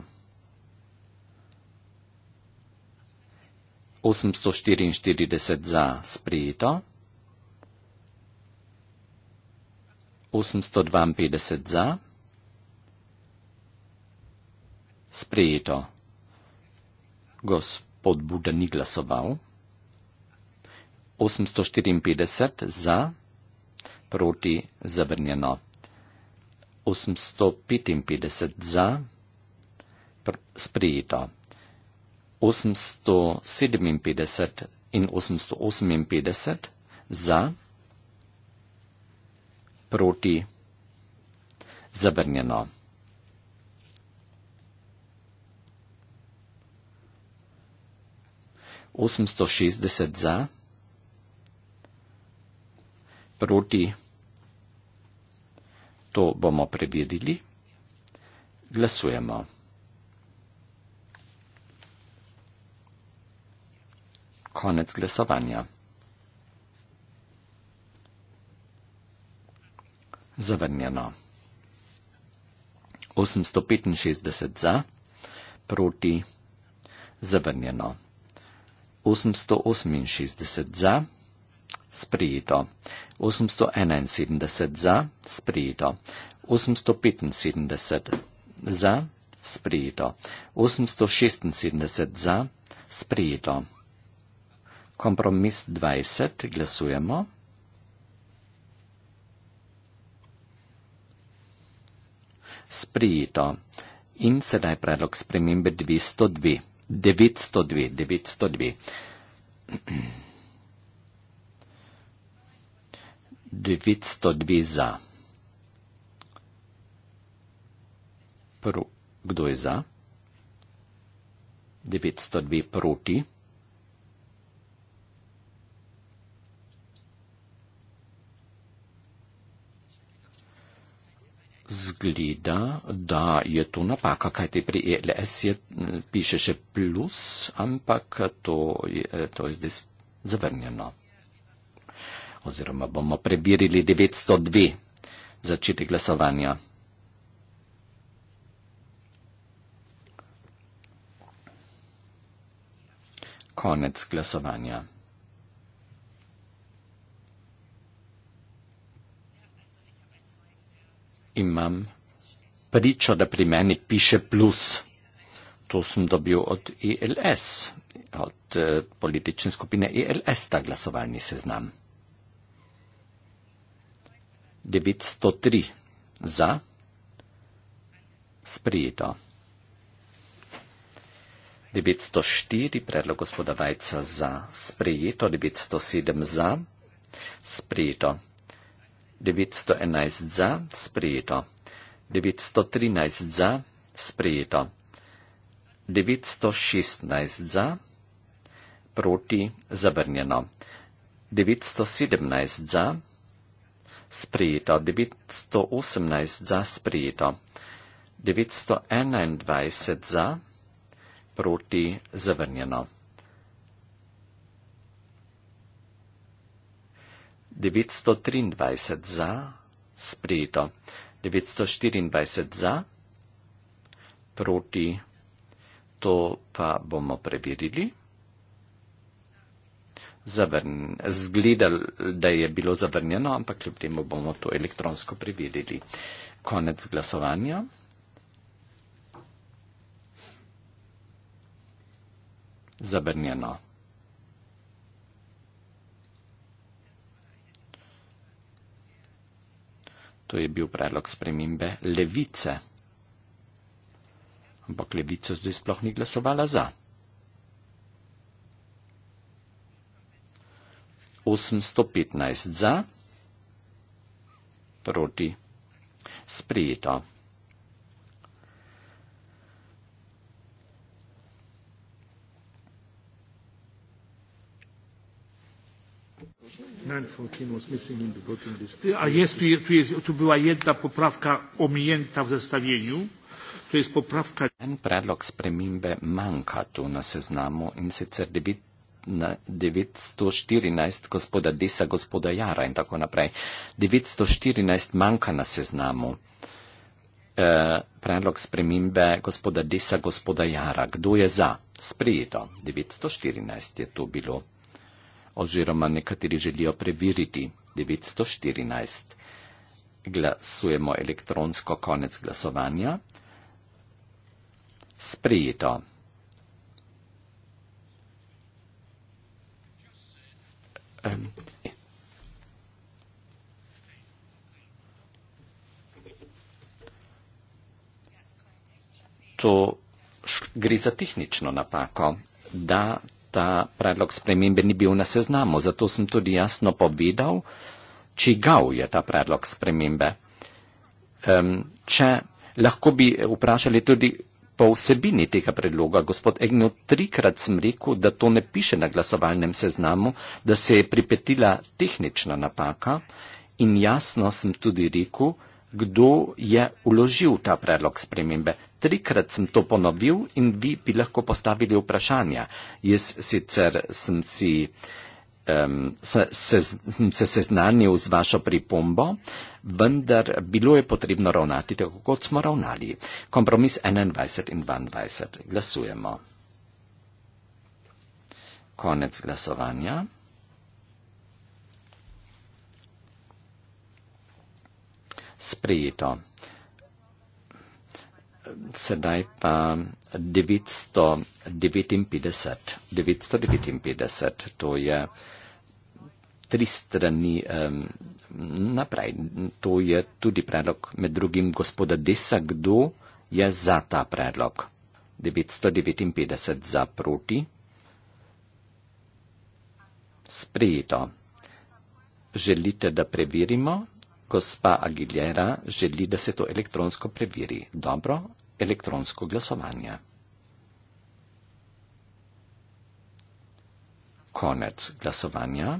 844 za. Sprejeto. 852 za. Sprejeto. Gospod Buda ni glasoval. 854 za. Proti zavrnjeno. 855 za, pr, sprijeto. 857 in 858 za, proti, zabrnjeno. Osemsto šestdeset za, proti. To bomo preverili. Glasujemo. Konec glasovanja. Zavrnjeno. 865 za, proti, zavrnjeno. 868 za, sprejeto, 871 za sprejeto, 875 za sprejeto, 876 za sprejeto. Kompromis 20 glasujemo. Sprijeto. In sedaj predlog spremembe 202. 902. 902. 902 za. Prv, kdo je za? 902 proti. Zgleda, da je tu napaka, kajti pri ELS je, piše še plus, ampak to je, to je zdaj zavrnjeno oziroma bomo prebirili 902. Začeti glasovanja. Konec glasovanja. Imam pričo, da pri meni piše plus. To sem dobil od ELS, od eh, politične skupine ELS, ta glasovalni seznam. 903 za, sprijeto. 904 predlog gospoda Vajca za, sprijeto. 907 za, sprijeto. 911 za, sprijeto. 913 za, sprijeto. 916 za, proti, zavrnjeno. 917 za, sprijeto sprejeto, 918 za sprejeto, 921 za proti zavrnjeno. 923 za sprejeto, 924 za proti, to pa bomo preverili zavrnjeno, zgledal, da je bilo zavrnjeno, ampak kljub temu bomo to elektronsko preverili. Konec glasovanja. Zabrnjeno. To je bil predlog spremembe levice. Ampak levica zdaj sploh ni glasovala za. 815 za, proti sprejeto. A jest tu, tu jest tu była jedna poprawka omijęta w zestawieniu. To jest poprawka. Ten predlog spremembe manjka tu na seznamu in sicer 9 914, gospoda Desa, gospoda Jara in tako naprej. 914 manjka na seznamu. E, predlog spremembe gospoda Desa, gospoda Jara. Kdo je za? Sprijeto. 914 je to bilo. Oziroma nekateri želijo preveriti. 914. Glasujemo elektronsko konec glasovanja. Sprijeto. Um, to gre za tehnično napako, da ta predlog spremembe ni bil na seznamu, zato sem tudi jasno povedal, čigav je ta predlog spremembe. Um, če lahko bi vprašali tudi, Po vsebini tega predloga gospod Egno trikrat sem rekel, da to ne piše na glasovalnem seznamu, da se je pripetila tehnična napaka in jasno sem tudi rekel, kdo je uložil ta predlog spremembe. Trikrat sem to ponovil in vi bi lahko postavili vprašanja. Jaz sicer sem si. Uh, um, se, se, se seznanil z vašo pripombo, vendar bilo je potrebno ravnati tako, kot smo ravnali. Kompromis 21 in 22. Glasujemo. Konec glasovanja. Sprejeto. Sedaj pa 959. 959, to je tri strani um, naprej. To je tudi predlog med drugim gospoda Desa, kdo je za ta predlog. 959 za proti. Sprejeto. Želite, da preverimo? Gospa Aguilera želi, da se to elektronsko preveri. Dobro, elektronsko glasovanje. Konec glasovanja.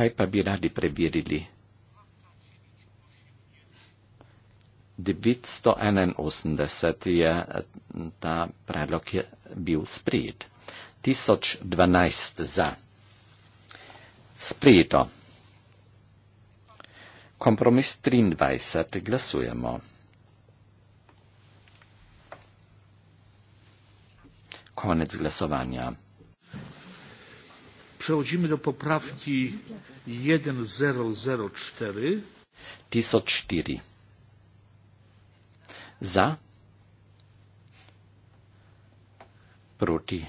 kaj pa bi radi preverili? 981 je eh, ta predlog je bil sprejet. 1012 za. Sprejeto. Kompromis 23. Glasujemo. Konec glasovanja. Przechodzimy do poprawki 1004. Za. Proti.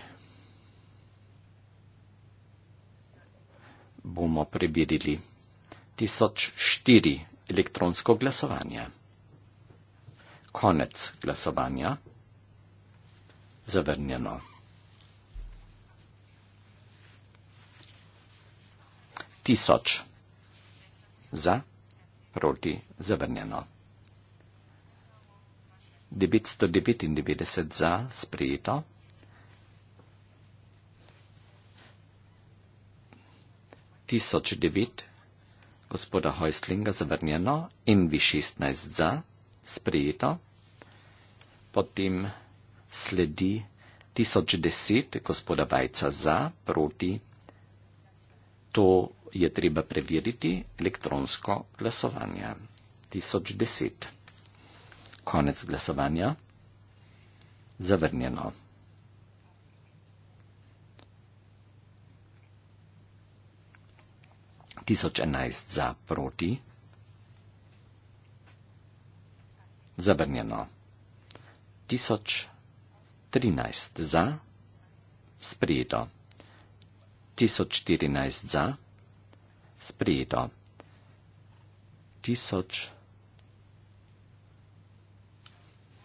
Bomo preverili. 1004 elektronsko glasovanje. Konec glasovanja. Zavrnjeno. tisoč. Za, proti, zavrnjeno. 999 za, sprejeto. tisoč devet gospoda Hojslinga zavrnjeno in vi šestnajst za sprejeto. Potem sledi tisoč deset gospoda Vajca za proti. To je treba preveriti elektronsko glasovanje. 1010. Konec glasovanja. Zavrnjeno. Tisoč enajst za proti. Zavrnjeno. Tisoč trinajst za sprijeto. Tisoč štirinajst za sprejeta. Tisoč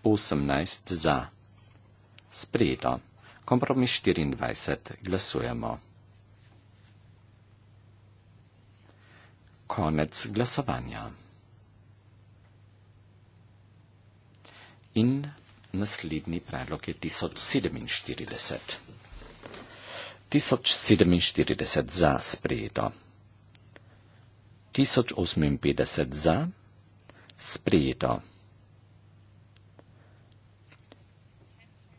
osemnajst za. Sprejeto. Kompromis 24. Glasujemo. Konec glasovanja. In naslednji predlog je 1047. 1047 za sprejeto. 1058 za, sprejeto.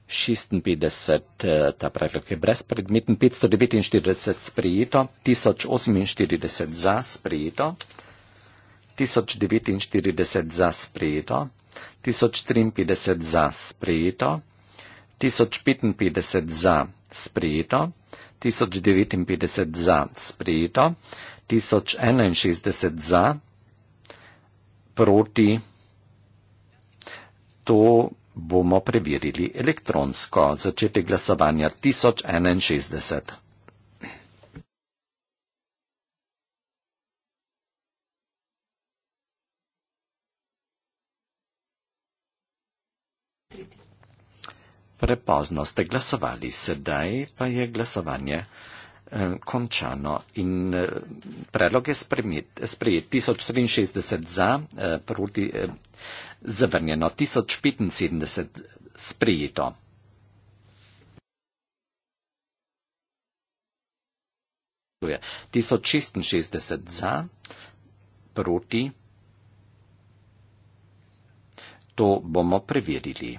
56, eh, ta predlog je brezpredmeten, 549 sprejeto, 1048 za, sprejeto. 1049 za sprejeto, 1053 za sprejeto, 1055 za sprejeto, 1059 za sprejeto, 1061 za proti. To bomo preverili elektronsko. Začetek glasovanja 1061. prepozno ste glasovali, sedaj pa je glasovanje eh, končano in eh, predlog je sprejet, sprejet 1063 za, eh, proti, zavrnjeno 1075 sprejeto. To je 1066 za, proti, to bomo preverili.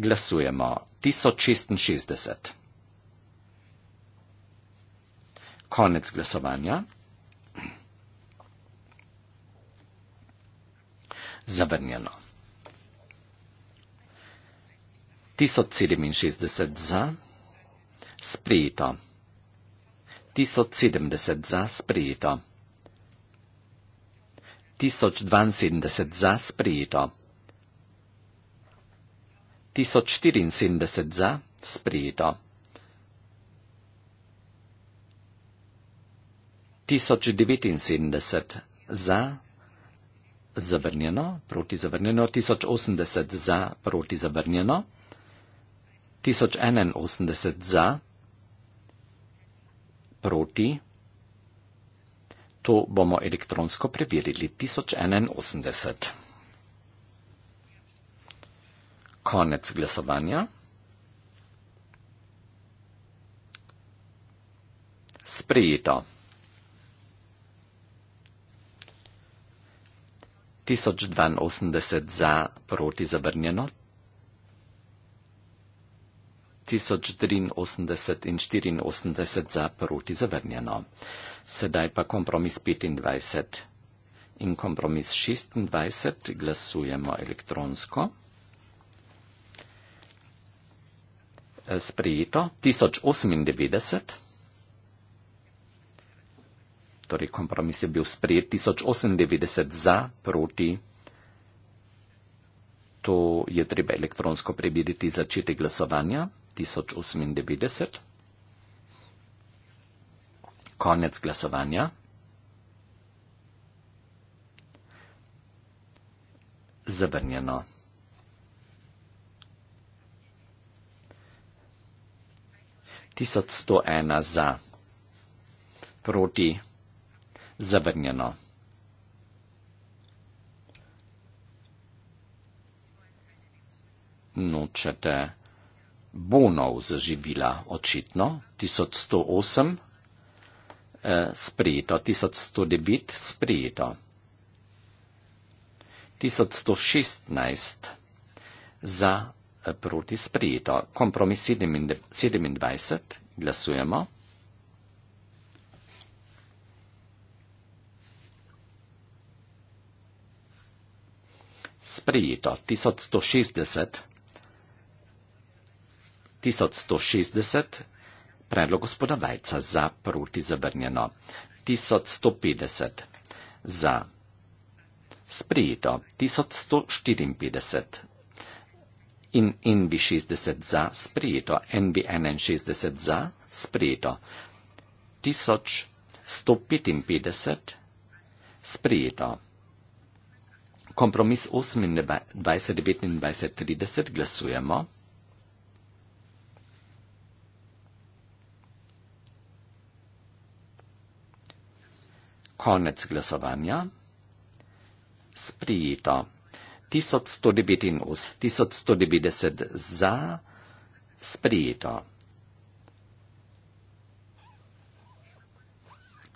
Glasujemo 1066. Konec glasovanja. Zavrnjeno. 1067 za, sprejeto. 1070 za, sprejeto. 1072 za, sprejeto. 1074 za sprejeto. 1079 za zavrnjeno, proti zavrnjeno, 1080 za proti zavrnjeno, 1081 za proti. To bomo elektronsko preverili 1081 konec glasovanja. Sprejeto. 1082 za, proti zavrnjeno. 1083 in 84 za, proti zavrnjeno. Sedaj pa kompromis 25 in kompromis 26 glasujemo elektronsko. sprejeto 1098. Torej, kompromis je bil sprejet 1098 za, proti. To je treba elektronsko prebiriti začetek glasovanja 1098. Konec glasovanja. Zavrnjeno. 1101 za, proti zavrnjeno. Nočete bonov za živila, očitno 1108, eh, sprejeto 1109, sprejeto 1116 za proti sprejeto. Kompromis 27, glasujemo. Sprejeto 1160, 1160, predlog gospoda Vajca za proti zavrnjeno, 1150 za sprejeto, 1154 in NB60 za sprejeto, NB61 za sprejeto, 1155 sprejeto. Kompromis 28-29-30 glasujemo. Konec glasovanja. Sprijeto. 1190 za sprijeto.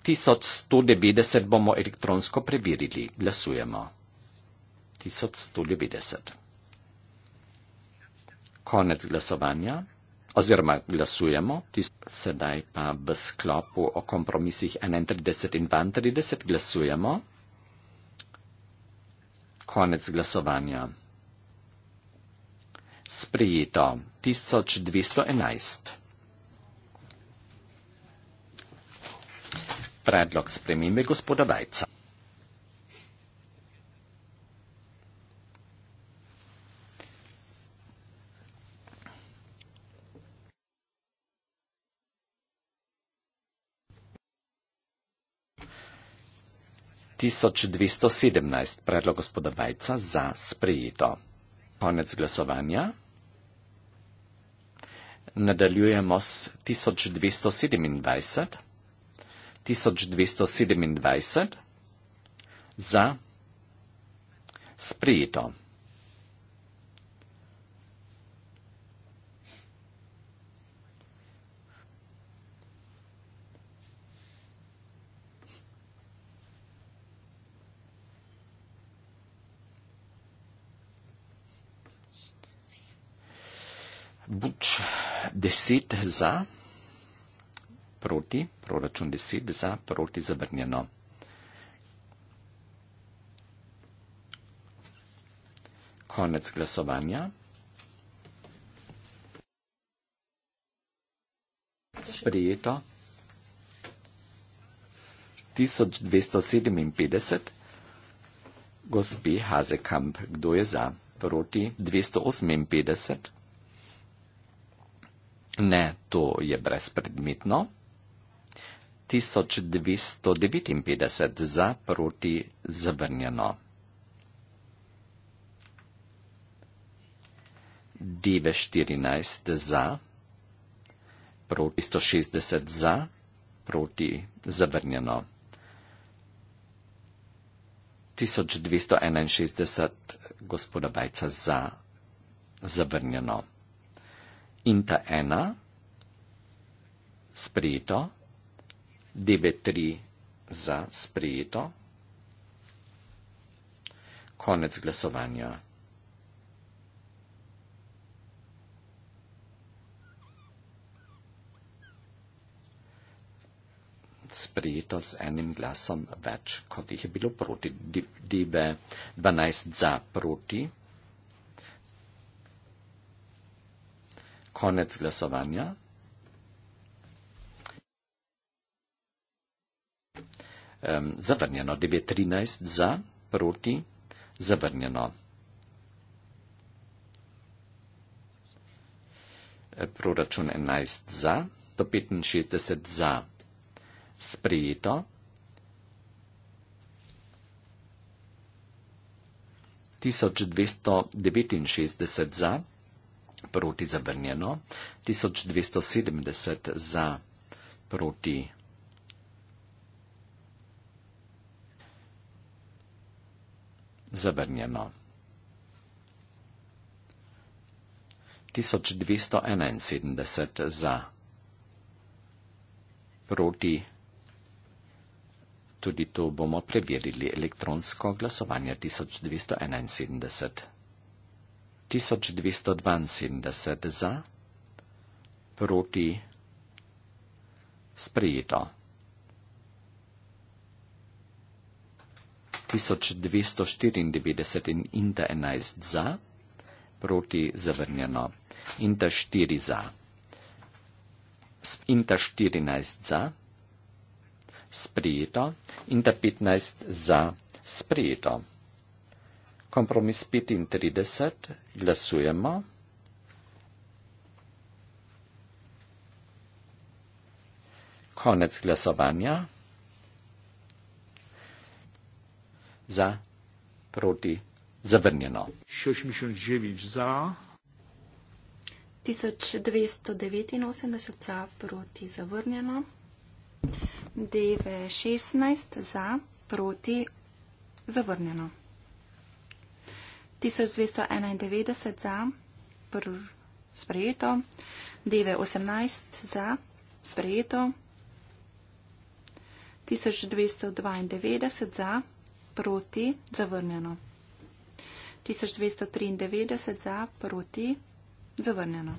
1190 bomo elektronsko preverili. Glasujemo. 1190. Konec glasovanja. Oziroma glasujemo. Sedaj pa v sklopu o kompromisih 31 in 32 glasujemo. Konec glasovanja. Sprejeto 1211. Predlog spremembe gospoda Vajca. 1217 predlog gospoda Vajca za sprejeto. Konec glasovanja. Nadaljujemo s 1227. 1227 za sprejeto. Buč 10 za, proti, proračun 10 za, proti zavrnjeno. Konec glasovanja. Sprijeto. 1257. Gospe Hazekamp, kdo je za? Proti 258. Ne, to je brezpredmetno. 1259 za proti zavrnjeno. 914 za proti 160 za proti zavrnjeno. 1261 gospoda Bajca za zavrnjeno in ta ena, sprejeto, db3 za sprejeto, konec glasovanja. sprejeto z enim glasom več, kot jih je bilo proti. Debe 12 za proti. konec glasovanja. Um, zavrnjeno 913 za, proti, zavrnjeno. E, proračun 11 za, 165 za, sprejeto. Tisoč dvesto devetinšestdeset za proti zabrnjeno, 1270 za proti zabrnjeno. 1271 za proti, tudi to bomo preverili elektronsko glasovanje 1271. 1272 za, proti sprejeto. 1294 in inta 11 za, proti zavrnjeno. Inta 4 za. Inta 14 za, sprejeto. Inta 15 za, sprejeto. Kompromis 35. Glasujemo. Konec glasovanja. Za, proti, zavrnjeno. 6089 za. 1289 za, proti, zavrnjeno. 916 za, proti, zavrnjeno. 1291 za, pr sprejeto, deve 18 za, sprejeto, 1292 za, proti, zavrnjeno, 1293 za, proti, zavrnjeno.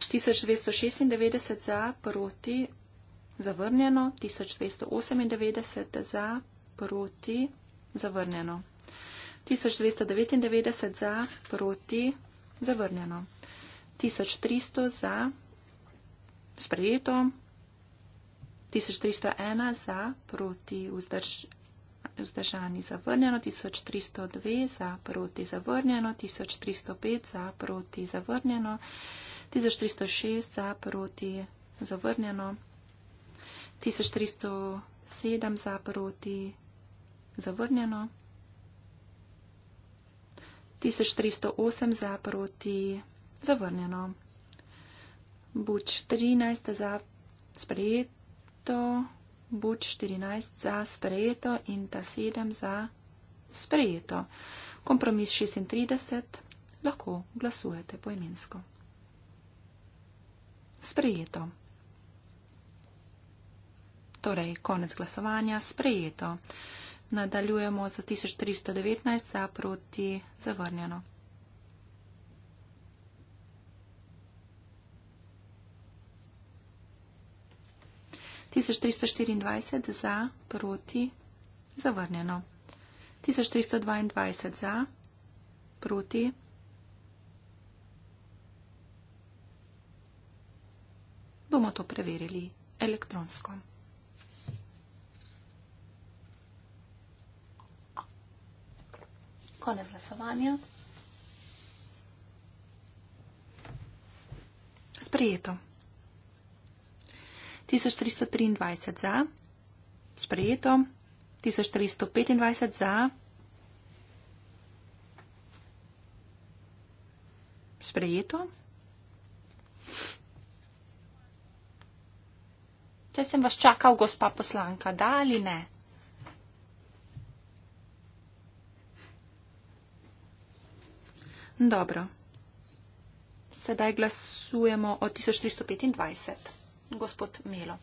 1296 za, proti, zavrnjeno, 1298 za, proti, zavrnjeno. 1299 za, proti, zavrnjeno. 1300 za, sprejeto. 1301 za, proti, vzdrž, vzdržani, zavrnjeno. 1302 za, proti, zavrnjeno. 1305 za, proti, zavrnjeno. 1306 za, proti, zavrnjeno. 1307 za, proti, zavrnjeno. 1308 za proti zavrnjeno. Buč 13 za sprejeto, buč 14 za sprejeto in ta 7 za sprejeto. Kompromis 36 lahko glasujete poimensko. Sprejeto. Torej, konec glasovanja, sprejeto. Nadaljujemo za 1319, za proti zavrnjeno. Tisoč tristo štiriindvajset za, proti, zavrnjeno. Tisoč tristo dvaindvajset za, proti. Bomo to preverili elektronsko. Konec glasovanja. Sprejeto. 1323 za. Sprejeto. 1425 za. Sprejeto. Če sem vas čakal, gospa poslanka, da ali ne? Dobro. Sedaj glasujemo o 1325. Gospod Melo,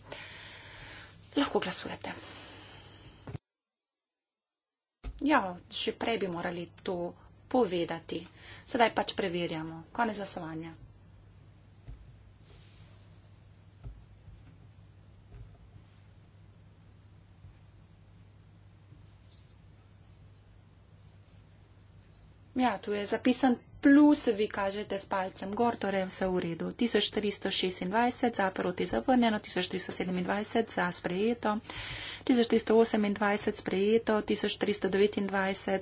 lahko glasujete. Ja, še prej bi morali to povedati. Sedaj pač preverjamo. Konec zasovanja. Ja, tu je zapisan plus vi kažete s palcem gor, torej vse v redu. 1426 za proti zavrnjeno, 1427 za sprejeto, 1428 sprejeto, 1429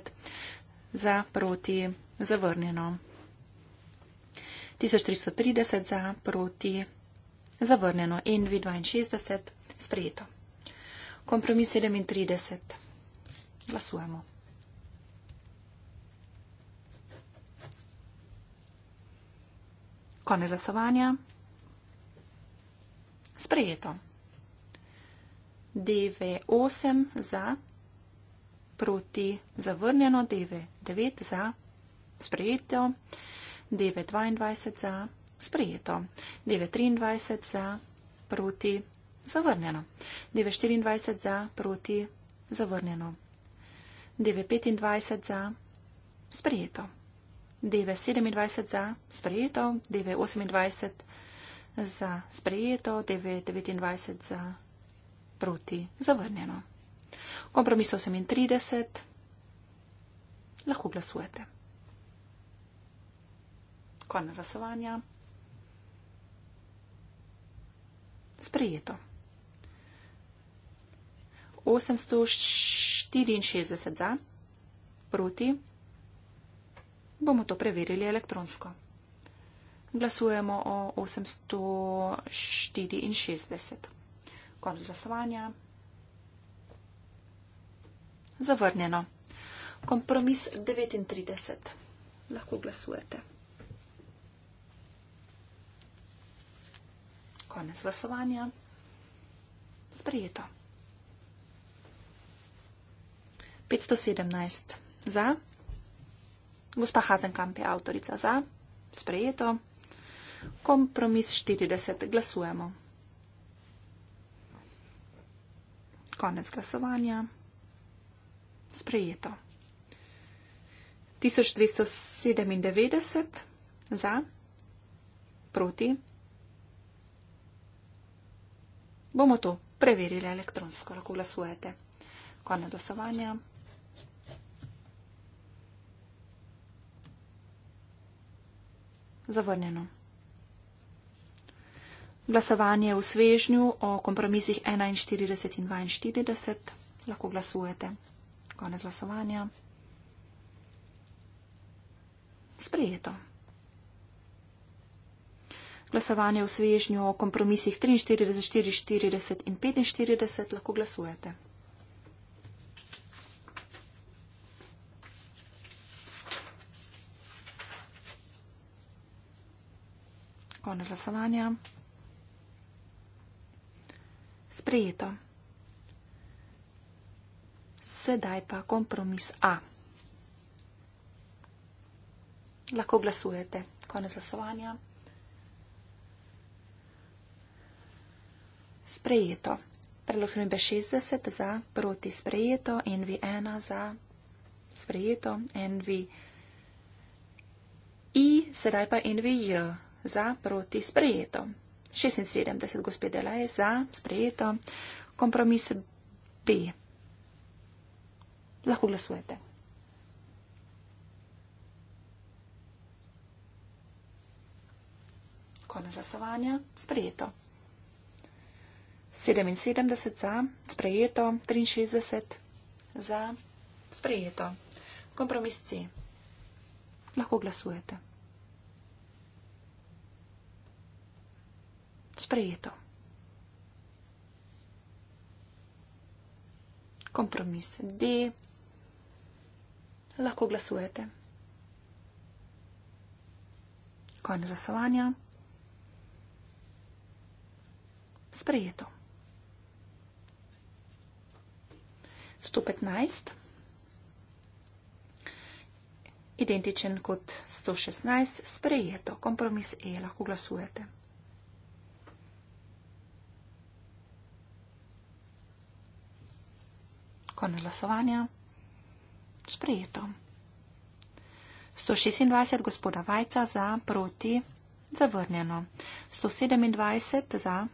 za proti zavrnjeno, 1430 za proti zavrnjeno, NV62 sprejeto. Kompromis 37. Glasujemo. Konec glasovanja. Sprejeto. DV8 za, proti zavrnjeno, DV9 za, sprejeto. DV22 za, sprejeto. DV23 za, proti zavrnjeno. DV24 za, proti zavrnjeno. DV25 za, sprejeto. DV27 za sprejeto, DV28 za sprejeto, DV29 za proti zavrnjeno. Kompromis 38 lahko glasujete. Konec glasovanja. Sprejeto. 864 za proti bomo to preverili elektronsko. Glasujemo o 864. Konec glasovanja. Zavrnjeno. Kompromis 39. Lahko glasujete. Konec glasovanja. Sprejeto. 517 za, Gospa Hazenkamp je avtorica za. Sprejeto. Kompromis 40. Glasujemo. Konec glasovanja. Sprejeto. 1297 za, proti. Bomo to preverili elektronsko, lahko glasujete. Konec glasovanja. Zavrnjeno. Glasovanje v svežnju o kompromisih 41 in 42. Lahko glasujete. Konec glasovanja. Sprejeto. Glasovanje v svežnju o kompromisih 43, 44 in 45. Lahko glasujete. Konec glasovanja. Sprejeto. Sedaj pa kompromis A. Lahko glasujete. Konec glasovanja. Sprejeto. Predlog smo imeli 60 za, proti sprejeto, NV1 za, sprejeto, NV I, sedaj pa NVJ za, proti, sprejeto. 76 gospe dela je za, sprejeto. Kompromis B. Lahko glasujete. Konec glasovanja, sprejeto. 77 za, sprejeto. 63 za, sprejeto. Kompromis C. Lahko glasujete. sprejeto. Kompromis D. Lahko glasujete. Konec glasovanja. Sprejeto. 115. Identičen kot 116. Sprejeto. Kompromis E. Lahko glasujete. zakon glasovanja. Sprejeto. 126 gospoda Vajca za, proti, zavrnjeno. 127 za,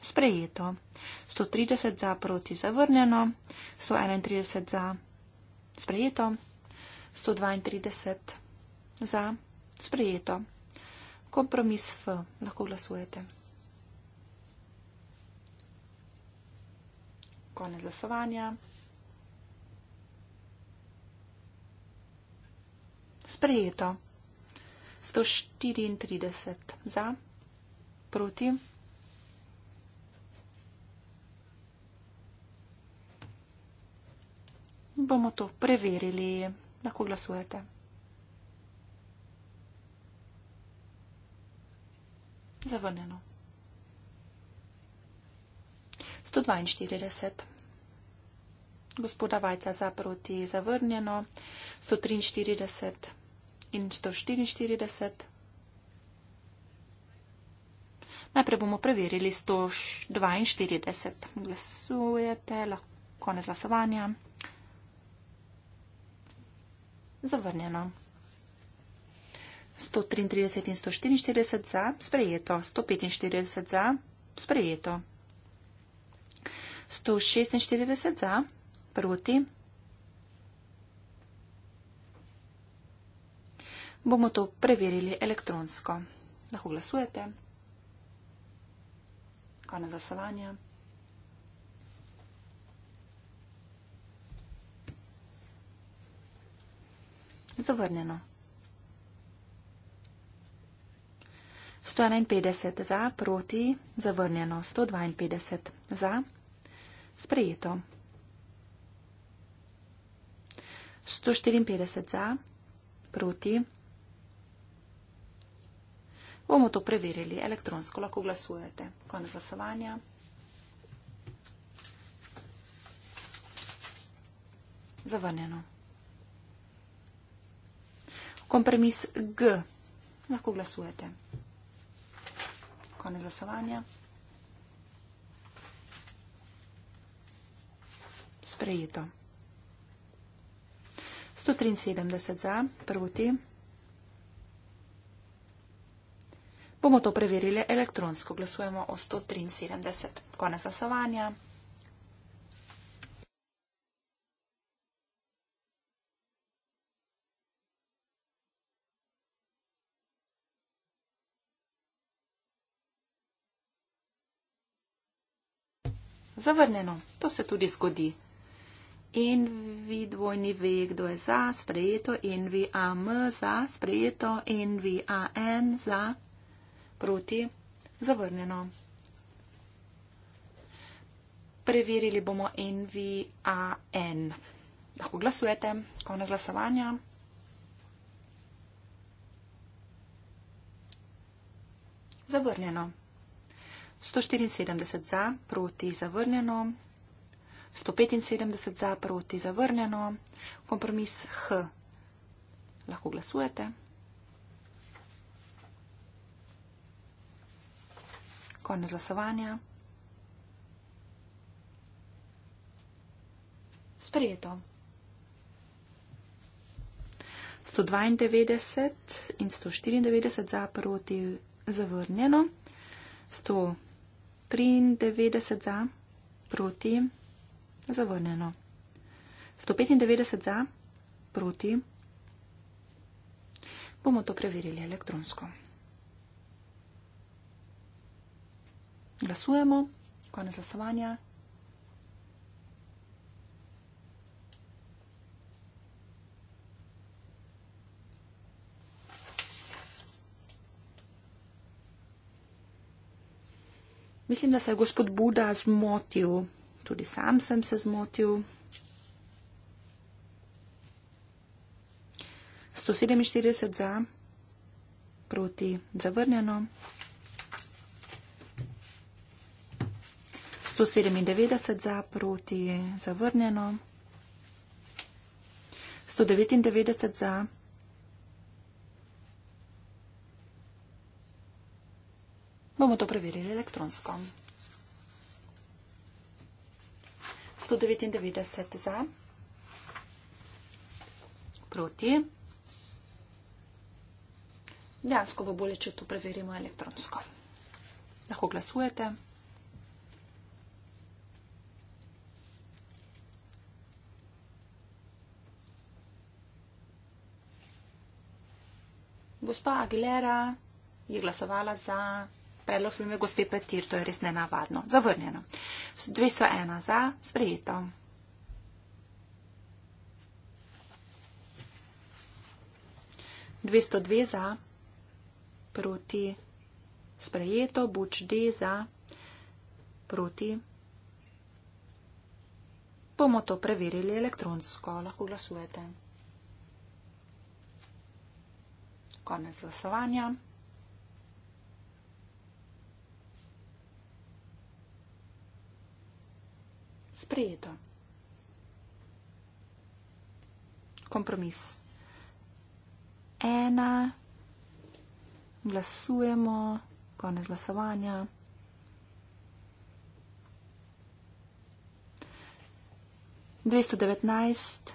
sprejeto. 130 za, proti, zavrnjeno. 131 za, sprejeto. 132 za, sprejeto. Kompromis F. Lahko glasujete. konec glasovanja. Sprejeto. 134 za, proti. Bomo to preverili, lahko glasujete. Zavrnjeno. 142. Gospoda Vajca za proti je zavrnjeno. 143 in 144. Najprej bomo preverili 142. Glasujete, lahko konec glasovanja. Zavrnjeno. 133 in 144 za, sprejeto. 145 za, sprejeto. 146 za, proti. Bomo to preverili elektronsko. Lahko glasujete. Konec glasovanja. Zavrnjeno. 151 za, proti, zavrnjeno. 152 za, Sprejeto. 154 za, proti. Bomo to preverili elektronsko, lahko glasujete. Konec glasovanja. Zavrnjeno. Kompromis G. Lahko glasujete. Konec glasovanja. sprejeto. 173 za, proti. Bomo to preverili elektronsko. Glasujemo o 173. Konec zasavanja. Zavrneno. To se tudi zgodi envi dvojni v, kdo je za, sprejeto, envi am za, sprejeto, envi an za, proti, zavrnjeno. Preverili bomo envi an. Lahko glasujete, konec glasovanja. Zavrnjeno. 174 za, proti zavrnjeno, 175 za proti zavrnjeno. Kompromis H. Lahko glasujete. Konec glasovanja. Sprejeto. 192 in 194 za proti zavrnjeno. 193 za proti zavrnjeno. Zavrnjeno. 195 za, proti. Bomo to preverili elektronsko. Glasujemo, konec glasovanja. Mislim, da se je gospod Buda zmotil tudi sam sem se zmotil. 147 za, proti zavrnjeno. 197 za, proti zavrnjeno. 199 za. 我们都不认为是 electrons 光。199 za, proti. Dejansko bo bolje, če to preverimo elektronsko. Lahko glasujete. Gospa Aguilera je glasovala za predlog spremembe gospe Petir, to je res nenavadno. Zavrnjeno. 201 za, sprejeto. Dvesto dve za, proti, sprejeto, buč de za, proti. Bomo to preverili elektronsko, lahko glasujete. Konec glasovanja. sprejeto. Kompromis. Ena, glasujemo, konec glasovanja. Dvesto devetnajst,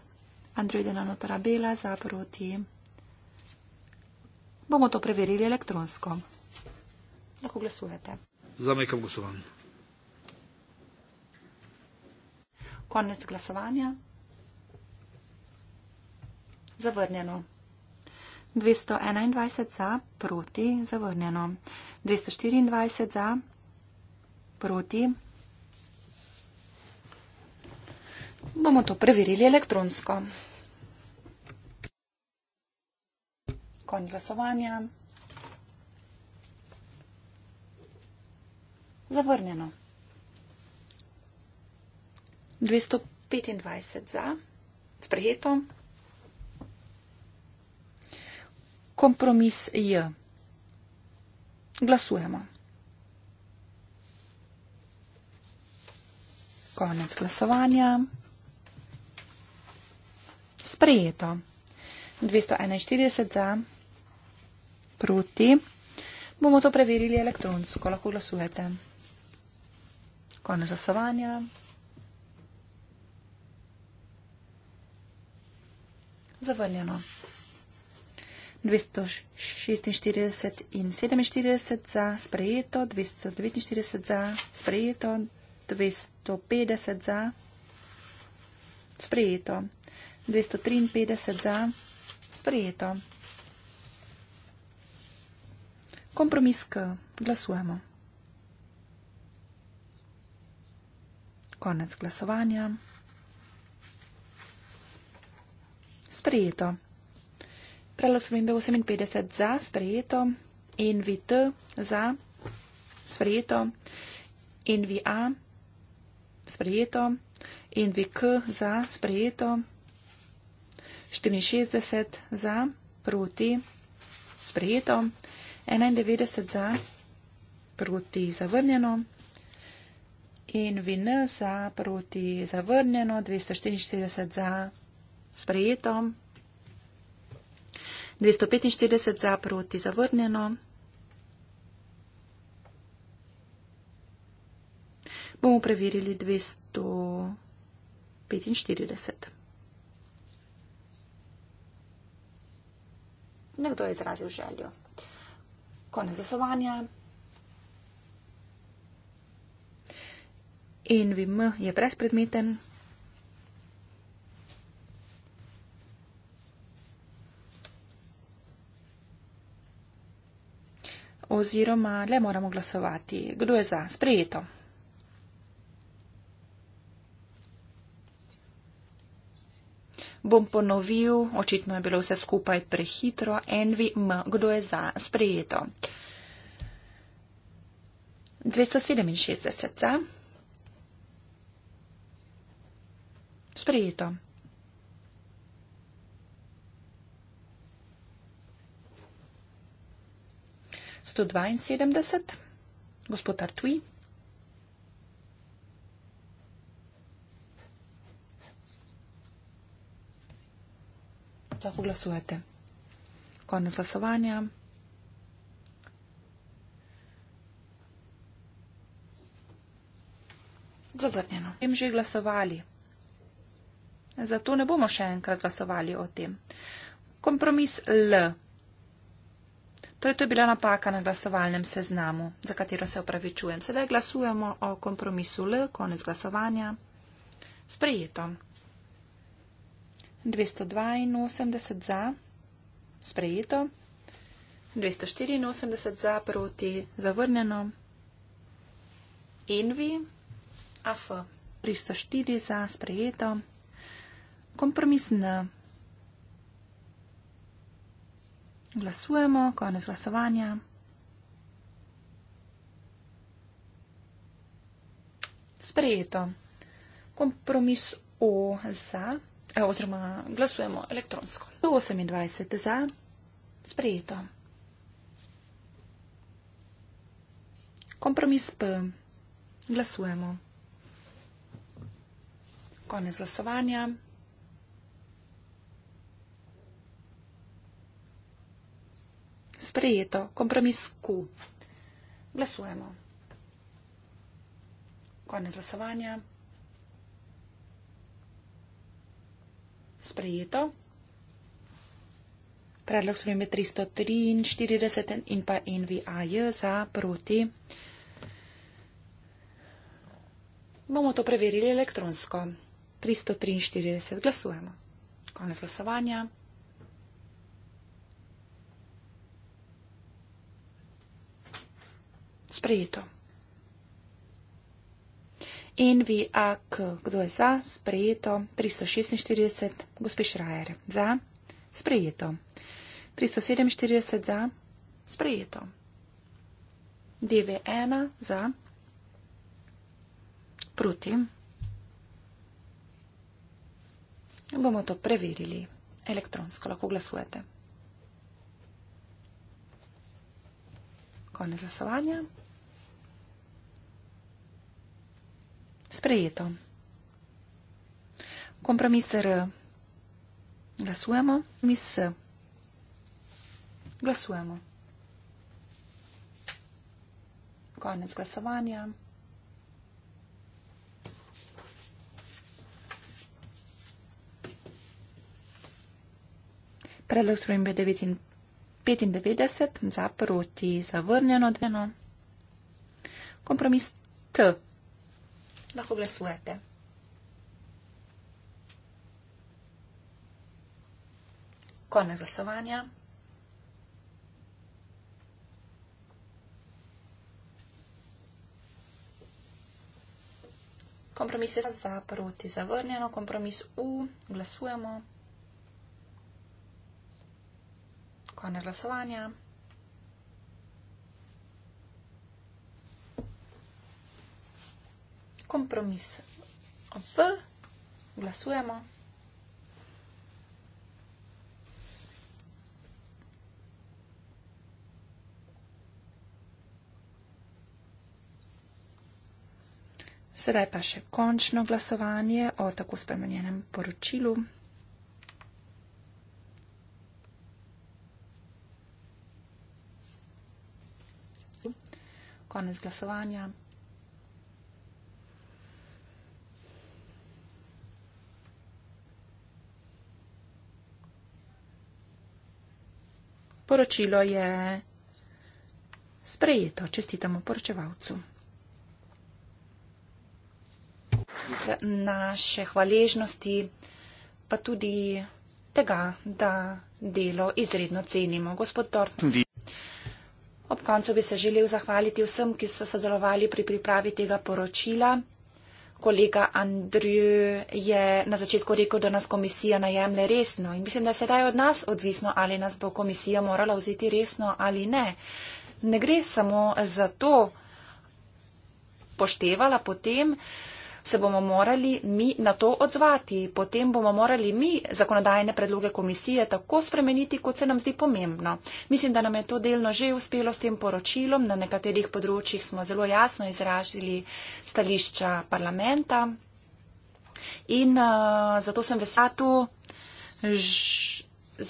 Androidena notara bela za proti. Bomo to preverili elektronsko. Lahko glasujete. Zamekam glasovanje. Konec glasovanja. Zavrnjeno. 221 za, proti, zavrnjeno. 224 za, proti. Bomo to preverili elektronsko. Konj glasovanja. Zavrnjeno. 225 za, sprejeto. Kompromis J. Glasujemo. Konec glasovanja. Sprejeto. 241 za, proti. Bomo to preverili elektronsko, lahko glasujete. Konec glasovanja. zavrljeno. 246 in 47 za sprejeto, 249 za sprejeto, 250 za sprejeto, 253 za sprejeto. Kompromis k glasujemo. Konec glasovanja. sprejeto. Predlog spremembe 58 za sprejeto, NVT za sprejeto, NVA sprejeto, NVK za sprejeto, 64 za proti sprejeto, 91 za proti zavrnjeno. In vina za proti zavrnjeno, 244 za sprejeto. 245 za proti zavrnjeno. Bomo preverili 245. Nekdo je izrazil željo. Konec zasovanja. NVM je brezpredmeten. oziroma le moramo glasovati. Kdo je za? Sprejeto. Bom ponovil, očitno je bilo vse skupaj prehitro. Envi M. Kdo je za? Sprejeto. 267. Za. Sprejeto. 172. Gospod Artui. Lahko glasujete. Konec glasovanja. Zavrnjeno. Vem že glasovali. Zato ne bomo še enkrat glasovali o tem. Kompromis L. Torej, to je bila napaka na glasovalnem seznamu, za katero se opravičujem. Sedaj glasujemo o kompromisu L, konec glasovanja. Sprejeto. 282 za, sprejeto. 284 za, proti, zavrnjeno. Envi, AF. 304 za, sprejeto. Kompromis N. Glasujemo, konec glasovanja. Sprejeto. Kompromis O za, eh, oziroma glasujemo elektronsko. 128 za, sprejeto. Kompromis P, glasujemo. Konec glasovanja. sprejeto kompromis Q. Glasujemo. Konec glasovanja. Sprejeto. Predlog so ime 343 in pa NVAJ za proti. Bomo to preverili elektronsko. 343 glasujemo. Konec glasovanja. sprejeto. NVAK, kdo je za, sprejeto, 346, gospe Šrajer, za, sprejeto, 347 za, sprejeto, DV1 za, proti. Bomo to preverili elektronsko, lahko glasujete. Konec glasovanja. Sprejeto. Kompromis R. Glasujemo. Mis. Glasujemo. Konec glasovanja. Predlog spremembe 95, za proti, zavrnjeno, dveno. Kompromis T lahko glasujete. Konec glasovanja. Kompromis je za proti zavrnjeno, kompromis U, glasujemo. Konec glasovanja. kompromis v, glasujemo. Sedaj pa še končno glasovanje o tako spremenjenem poročilu. Konec glasovanja. Poročilo je sprejeto. Čestitamo poročevalcu. Naše hvaležnosti pa tudi tega, da delo izredno cenimo. Gospod Dortmund. Ob koncu bi se želel zahvaliti vsem, ki so sodelovali pri pripravi tega poročila kolega Andrju je na začetku rekel, da nas komisija najemlje resno in mislim, da se daj od nas odvisno, ali nas bo komisija morala vzeti resno ali ne. Ne gre samo za to poštevala potem, se bomo morali mi na to odzvati. Potem bomo morali mi zakonodajne predloge komisije tako spremeniti, kot se nam zdi pomembno. Mislim, da nam je to delno že uspelo s tem poročilom. Na nekaterih področjih smo zelo jasno izražili stališča parlamenta. In uh, zato sem vesatu.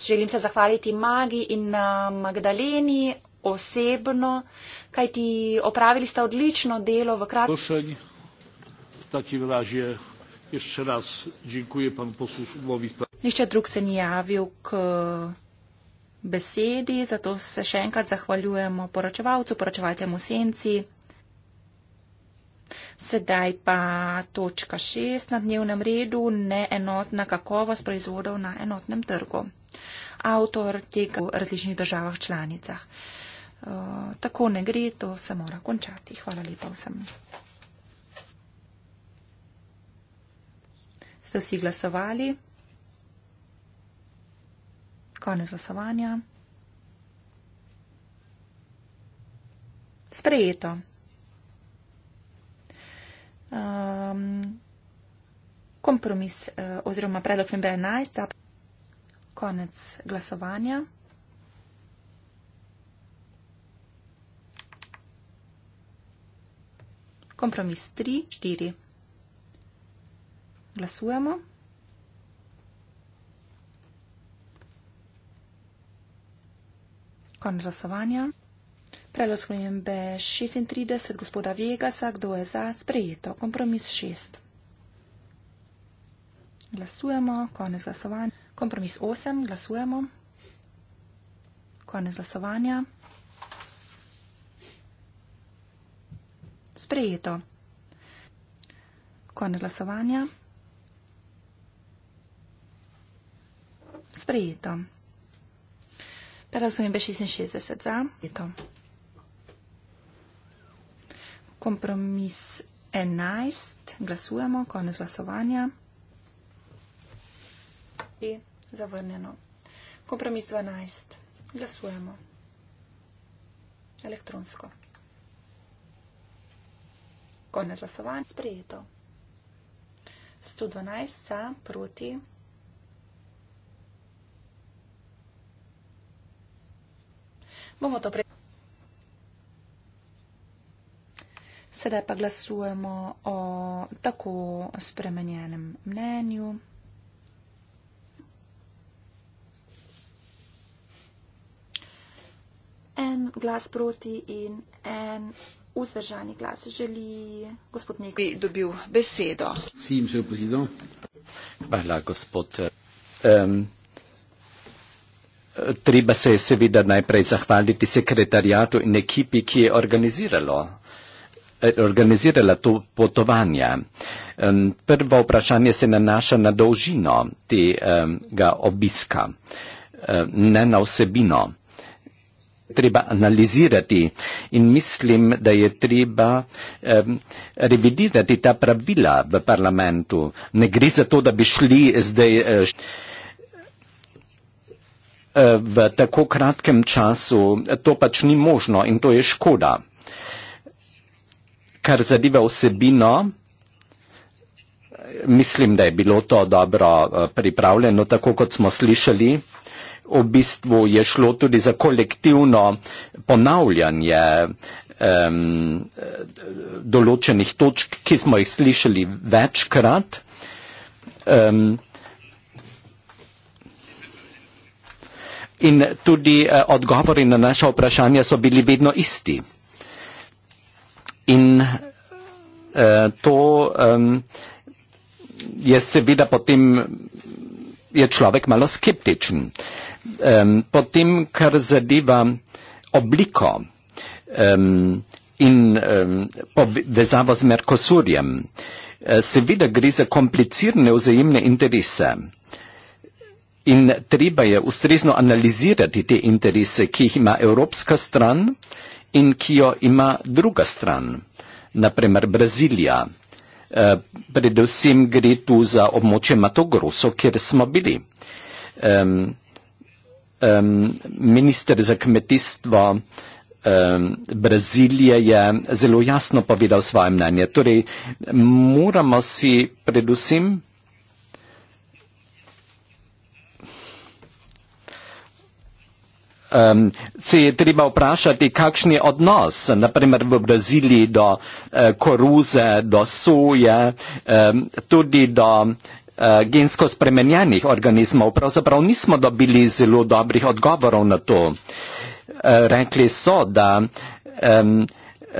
Želim se zahvaliti Magi in uh, Magdaleni osebno, kajti opravili sta odlično delo v kratkem takim razie jeszcze raz dziękuję panu posłowi. Jeszcze drug się nie jawił k besedi, za to se še enkrat zahvaljujemo poročevalcu, poročevalcemu Senci. Sedaj pa točka 6 na dnevnem redu, neenotna kakovost proizvodov na enotnem trgu. Avtor tega v različnih državah članicah. Uh, tako ne gre, to se mora končati. Hvala lepa vsem. Ste vsi glasovali? Konec glasovanja. Sprejeto. Um, kompromis uh, oziroma predlog MB11. Konec glasovanja. Kompromis 3, 4 glasujemo. Konec glasovanja. Preloskujem B36 gospoda Vegasa, kdo je za sprejeto. Kompromis 6. Glasujemo. Konec glasovanja. Kompromis 8. Glasujemo. Konec glasovanja. Sprejeto. Konec glasovanja. Sprejeto. Per la sua invece si scese se già. Compromis è nice. Glasuemo con slasovania. E zavrneno. Compromis 12. Glasuemo. Elektronsko. Konec glasovanja. Sprejeto. 112 za proti Bomo to pre... Sedaj pa glasujemo o tako spremenjenem mnenju. En glas proti in en vzdržani glas želi gospod Nek. Bi dobil besedo. Hvala, gospod. Um, Treba se je seveda najprej zahvaliti sekretarijatu in ekipi, ki je organiziralo eh, organizirala to potovanje. Prvo vprašanje se nanaša na dolžino tega obiska, ne na vsebino. Treba analizirati in mislim, da je treba revidirati ta pravila v parlamentu. Ne gre za to, da bi šli zdaj. Eh, Eh, v tako kratkem času, to pač ni možno in to je škoda. Kar zadeva vsebino, mislim, da je bilo to dobro eh, pripravljeno, tako kot smo slišali. V bistvu je šlo tudi za kolektivno ponavljanje um, določenih točk, ki smo jih slišali večkrat. Um, In tudi eh, odgovori na naša vprašanja so bili vedno isti. In eh, to je seveda potem, je človek malo skeptičen. Potem, kar zadeva obliko in povezavo z Merkosurjem, eh, seveda gre za komplicirane vzajemne interese. In treba je ustrezno analizirati te interese, ki jih ima evropska stran in ki jo ima druga stran, naprimer Brazilija. E, predvsem gre tu za območje Matogroso, kjer smo bili. E, e, minister za kmetijstvo e, Brazilije je zelo jasno povedal svoje mnenje. Torej, moramo si predvsem um, se je treba vprašati, kakšen je odnos, naprimer v Braziliji do uh, koruze, do soje, um, tudi do uh, gensko spremenjenih organizmov. Pravzaprav nismo dobili zelo dobrih odgovorov na to. Uh, rekli so, da um,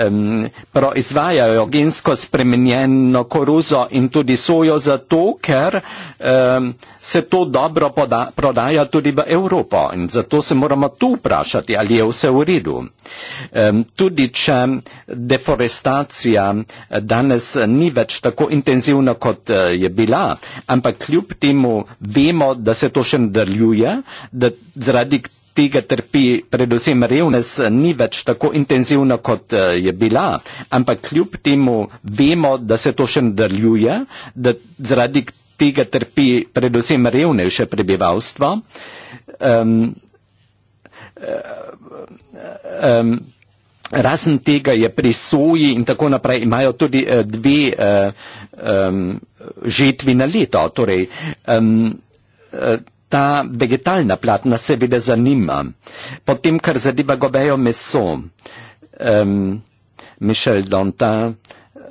um, proizvajajo gensko spremenjeno koruzo in tudi sojo zato, ker um, se to dobro poda, prodaja tudi v Evropo in zato se moramo tu vprašati, ali je vse v redu. Um, tudi če deforestacija eh, danes eh, ni več tako intenzivna, kot eh, je bila, ampak kljub temu vemo, da se to še nadaljuje, da zaradi tega trpi predvsem revnost, ni več tako intenzivna, kot eh, je bila, ampak kljub temu vemo, da se to še nadaljuje, da zaradi tega trpi predvsem revnejše prebivalstvo. Um, um, Razen tega je pri soji in tako naprej imajo tudi eh, dve um, žetvi na leto. Torej, um, ta vegetalna plat nas seveda zanima. Potem, kar zadeva gobejo meso, um, Mišel Donta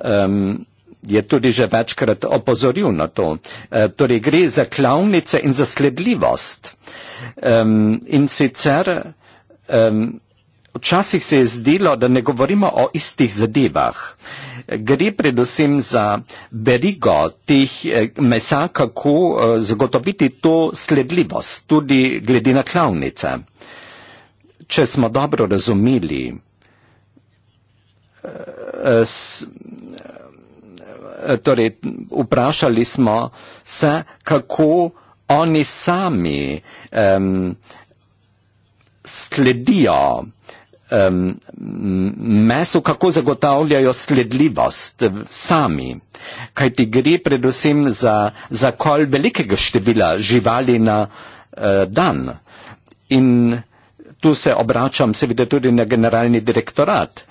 um, je tudi že večkrat opozoril na to. Uh, torej, gre za klavnice in za sledljivost. Um, in sicer um, včasih se je zdelo, da ne govorimo o istih zadevah. Uh, gre predvsem za berigo teh eh, mesa, kako eh, zagotoviti to sledljivost, tudi glede na klavnice. Če smo dobro razumeli, eh, torej vprašali smo se, kako oni sami um, sledijo uh, um, meso, kako zagotavljajo sledljivost eh, sami, kaj ti gre predvsem za zakol velikega števila živali na uh, dan. In tu se obračam seveda tudi na generalni direktorat.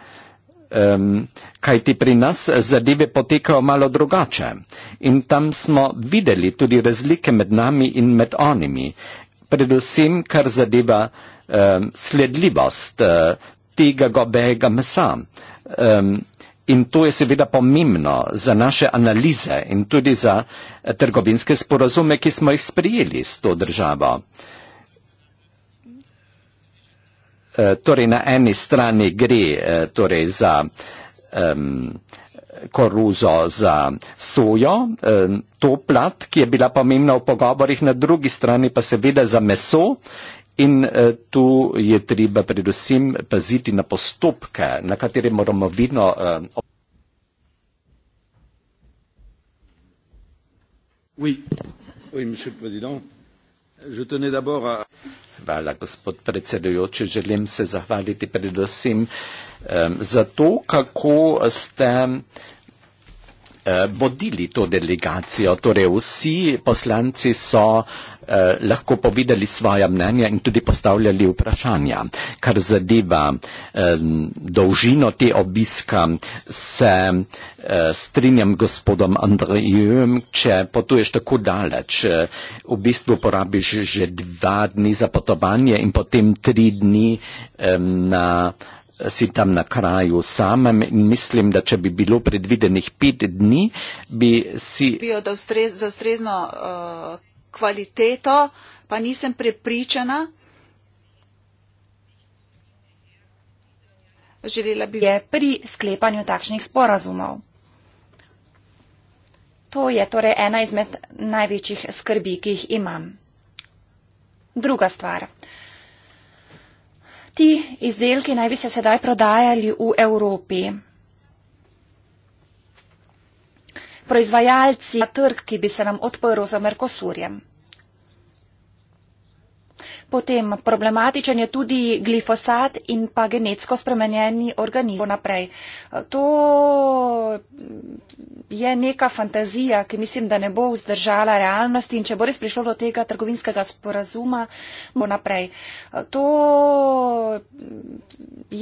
Um, kaj ti pri nas zadeve potekajo malo drugače. In tam smo videli tudi razlike med nami in med onimi, predvsem kar zadeva uh, um, sledljivost uh, tega gobega mesa. Um, in to je seveda pomembno za naše analize in tudi za eh, trgovinske sporozume, ki smo jih sprijeli s to državo. Eh, torej, na eni strani gre eh, torej, za um, koruzo, za sojo, um, to plat, ki je bila pomembna v pogovorih, na drugi strani pa seveda za meso In eh, tu je treba predvsem paziti na postopke, na katere moramo vidno. Eh, oui. Oui, monsieur le président. Je tenais d'abord à... Hvala, gospod predsedujoči. Želim se zahvaliti predvsem um, za to, kako ste. Um, eh, vodili to delegacijo. Torej, vsi poslanci so eh, lahko povedali svoja mnenja in tudi postavljali vprašanja. Kar zadeva eh, dolžino te obiska, se eh, strinjam gospodom Andrejem, če potuješ tako daleč, eh, v bistvu porabiš že dva dni za potovanje in potem tri dni eh, na si tam na kraju samem in mislim, da če bi bilo predvidenih pet dni, bi si. Bijo da ustrez, za ustrezno uh, eh, kvaliteto, pa nisem prepričana. Želela bi. Je pri sklepanju takšnih sporazumov. To je torej ena izmed največjih skrbi, ki jih imam. Druga stvar. Uh, ti izdelki naj bi se sedaj prodajali v Evropi? Proizvajalci na trg, ki bi se nam odprl za Merkosurjem. Potem problematičen je tudi glifosat in pa genetsko spremenjeni organizem. Naprej. To je neka fantazija, ki mislim, da ne bo vzdržala realnosti in če bo res prišlo do tega trgovinskega sporazuma, bo naprej. To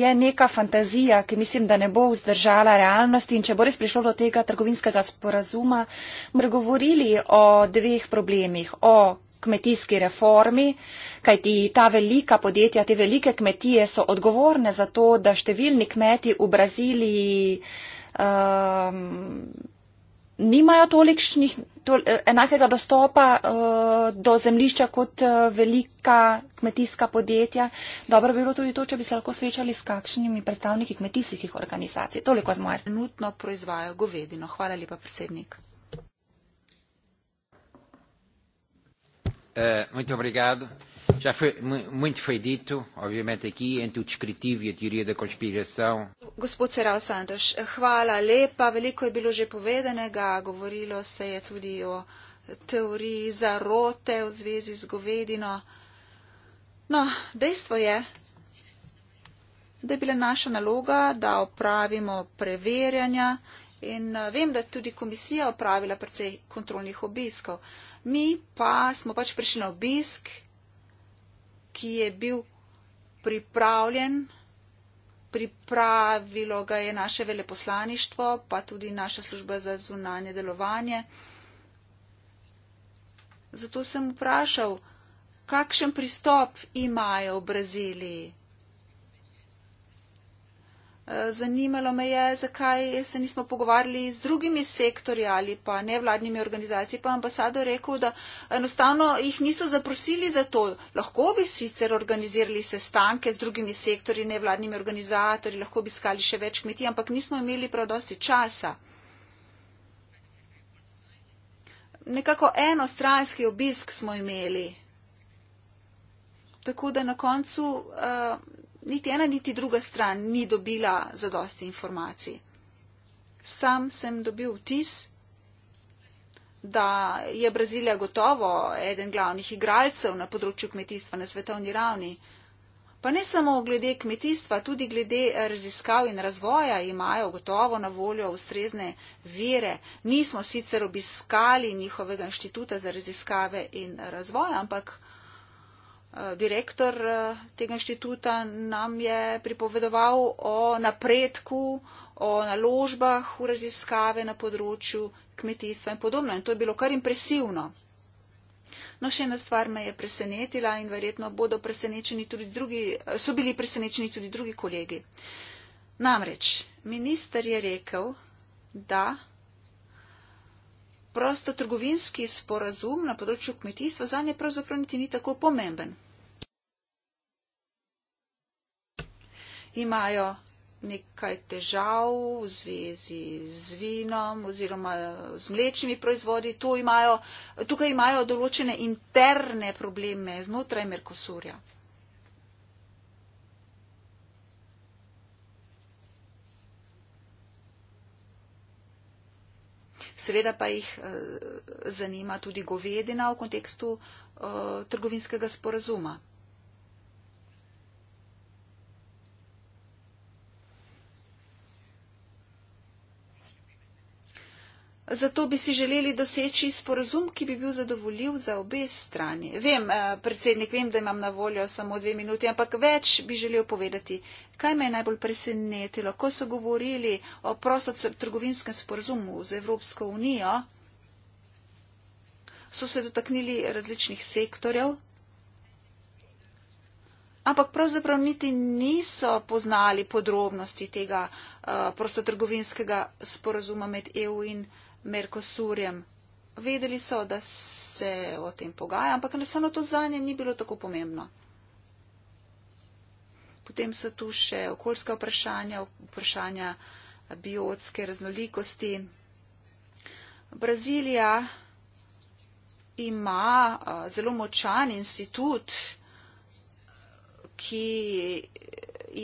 je neka fantazija, ki mislim, da ne bo vzdržala realnosti in če bo res prišlo do tega trgovinskega sporazuma, bomo govorili o dveh problemih. O kmetijski reformi, kajti ta velika podjetja, te velike kmetije so odgovorne za to, da številni kmeti v Braziliji um, nimajo tolikšnih, tol, enakega dostopa uh, do zemlišča kot uh, velika kmetijska podjetja. Dobro bi bilo tudi to, če bi se lahko srečali s kakšnimi predstavniki kmetijskih organizacij. Toliko z moje. Trenutno proizvajajo govedino. Hvala lepa, predsednik. Eh, muito obrigado. Já foi, muito foi dito, obviamente, aqui, entre o descritivo e a teoria da conspiração. Gospod Seral Santos, hvala lepa, veliko je bilo že povedanega, govorilo se je tudi o teoriji zarote v zvezi z govedino. No, dejstvo je, da je bila naša naloga, da opravimo preverjanja in eh, vem, da je tudi komisija opravila precej kontrolnih obiskov mi pa smo pač prišli na obisk, ki je bil pripravljen, pripravilo ga je naše veleposlaništvo, pa tudi naša služba za zunanje delovanje. Zato sem vprašal, kakšen pristop imajo v Braziliji. Eh, zanimalo me je, zakaj se nismo pogovarjali z drugimi sektorji ali pa nevladnimi organizacijami, pa ambasador rekel, da enostavno jih niso zaprosili za to. Lahko bi sicer organizirali sestanke z drugimi sektorji, nevladnimi organizatorji, lahko bi iskali še več kmetij, ampak nismo imeli prav dosti časa. Nekako enostranski obisk smo imeli. Tako da na koncu. Uh, niti ena, niti druga stran ni dobila zadosti informacij. Sam sem dobil vtis, da je Brazilija gotovo eden glavnih igralcev na področju kmetijstva na svetovni ravni. Pa ne samo glede kmetijstva, tudi glede raziskav in razvoja imajo gotovo na voljo ustrezne vire. Nismo sicer obiskali njihovega inštituta za raziskave in razvoj, ampak Eh, direktor eh, tega inštituta nam je pripovedoval o napredku, o naložbah v raziskave na področju kmetijstva in podobno. In to je bilo kar impresivno. No, še ena stvar me je presenetila in verjetno bodo presenečeni tudi drugi, eh, so bili presenečeni tudi drugi kolegi. Namreč, minister je rekel, da prostotrgovinski sporazum na področju kmetijstva za nje pravzaprav niti ni tako pomemben. Imajo nekaj težav v zvezi z vinom oziroma z mlečnimi proizvodi. Imajo, tukaj imajo določene interne probleme znotraj Merkosurja. Seveda pa jih eh, zanima tudi govedina v kontekstu eh, trgovinskega sporazuma. Zato bi si želeli doseči sporazum, ki bi bil zadovoljiv za obe strani. Vem, eh, predsednik, vem, da imam na voljo samo dve minuti, ampak več bi želel povedati. Kaj me je najbolj presenetilo, ko so govorili o prostotrgovinskem sporazumu z Evropsko unijo, so se dotaknili različnih sektorjev, ampak pravzaprav niti niso poznali podrobnosti tega eh, prostotrgovinskega sporazuma med EU in Evropsko unijo. Merkosurjem. Vedeli so, da se o tem pogaja, ampak enostavno to zanje ni bilo tako pomembno. Potem so tu še okoljska vprašanja, vprašanja biotske raznolikosti. Brazilija ima zelo močan institut, ki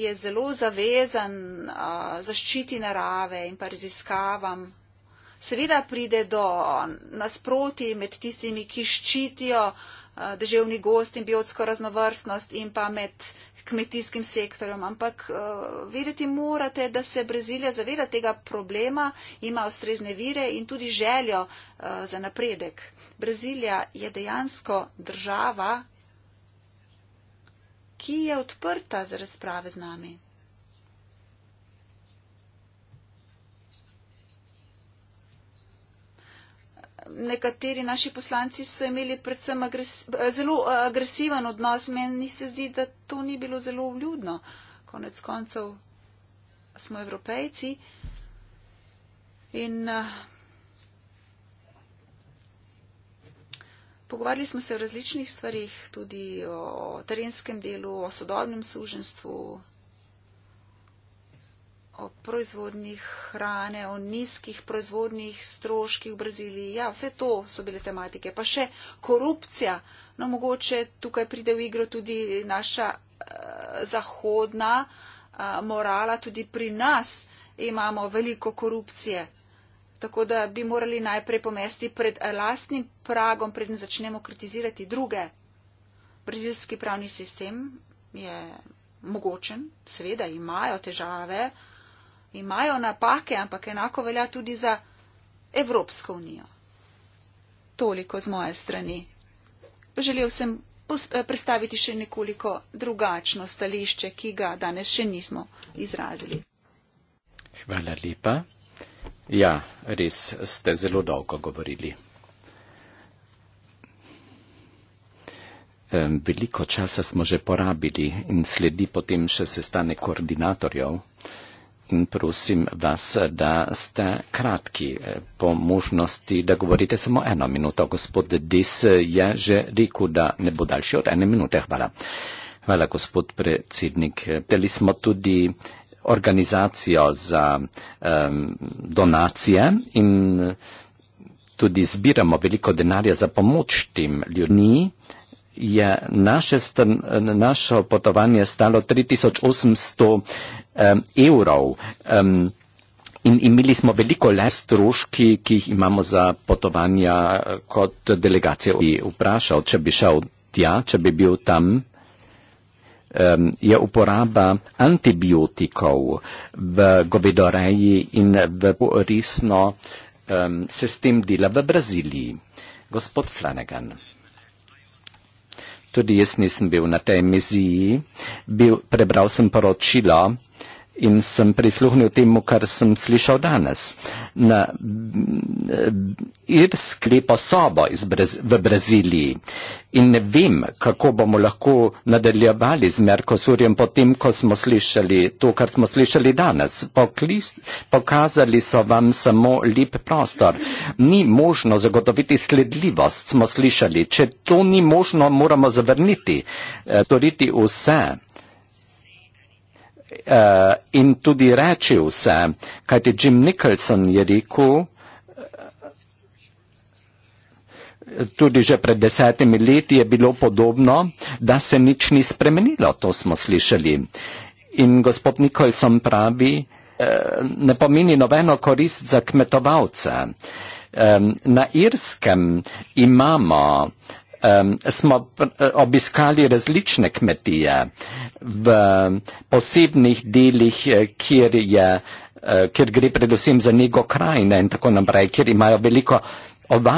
je zelo zavezan zaščiti narave in pa raziskavam seveda pride do nasproti med tistimi, ki ščitijo eh, državni gost in biotsko raznovrstnost in pa med kmetijskim sektorjem. Ampak eh, vedeti morate, da se Brazilija zaveda tega problema, ima ustrezne vire in tudi željo eh, za napredek. Brazilija je dejansko država, ki je odprta za razprave z nami. nekateri naši poslanci so imeli predvsem agres, zelo eh, agresiven odnos. Meni se zdi, da to ni bilo zelo vljudno. Konec koncev smo evropejci in eh, Pogovarjali smo se o različnih stvarih, tudi o terenskem delu, o sodobnem služenstvu, o proizvodnih hrane, o nizkih proizvodnih stroških v Braziliji. Ja, vse to so bile tematike. Pa še korupcija. No, mogoče tukaj pride v igro tudi naša uh, zahodna uh, morala. Tudi pri nas imamo veliko korupcije. Tako da bi morali najprej pomesti pred eh, lastnim pragom, preden začnemo kritizirati druge. Brazilski pravni sistem je mogočen, seveda imajo težave, imajo napake, ampak enako velja tudi za Evropsko unijo. Toliko z moje strani. Želel sem eh, predstaviti še nekoliko drugačno stališče, ki ga danes še nismo izrazili. Hvala lepa. Ja, res ste zelo dolgo govorili. Veliko časa smo že porabili in sledi potem še sestanek koordinatorjev prosim vas, da ste kratki eh, po možnosti, da govorite samo eno minuto. Gospod Dis je že rekel, da ne bo daljši od ene minute. Hvala. Hvala, gospod predsednik. Peli smo tudi organizacijo za um, donacije in eh, tudi zbiramo veliko denarja za pomoč tem ljudem je naše, naše potovanje stalo 3800 um, evrov. Um, In imeli smo veliko le stroški, ki jih imamo za potovanja eh, kot delegacijo. In vprašal, če bi šel tja, če bi bil tam, um, je uporaba antibiotikov v govedoreji in v resno um, se s tem dela v Braziliji. Gospod Flanagan tudi jaz nisem bil na tej misiji, bil, prebral sem poročilo, in sem prisluhnil temu, kar sem slišal danes. Na Irsk lepo sobo Brez, v Braziliji in ne vem, kako bomo lahko nadaljevali z Merkosurjem potem, ko smo slišali to, kar smo slišali danes. Pokli, pokazali so vam samo lep prostor. Ni možno zagotoviti sledljivost, smo slišali. Če to ni možno, moramo zavrniti, eh, storiti vse uh, in tudi reči vse, kajti Jim Nicholson je rekel, eh, tudi že pred desetimi leti je bilo podobno, da se nič ni spremenilo, to smo slišali. In gospod Nicholson pravi, eh, ne pomeni nobeno korist za kmetovalce. Na Irskem imamo um, smo eh, obiskali različne kmetije v posebnih delih, eh, kjer, je, eh, kjer gre predvsem za njego krajine in tako naprej, kjer imajo veliko.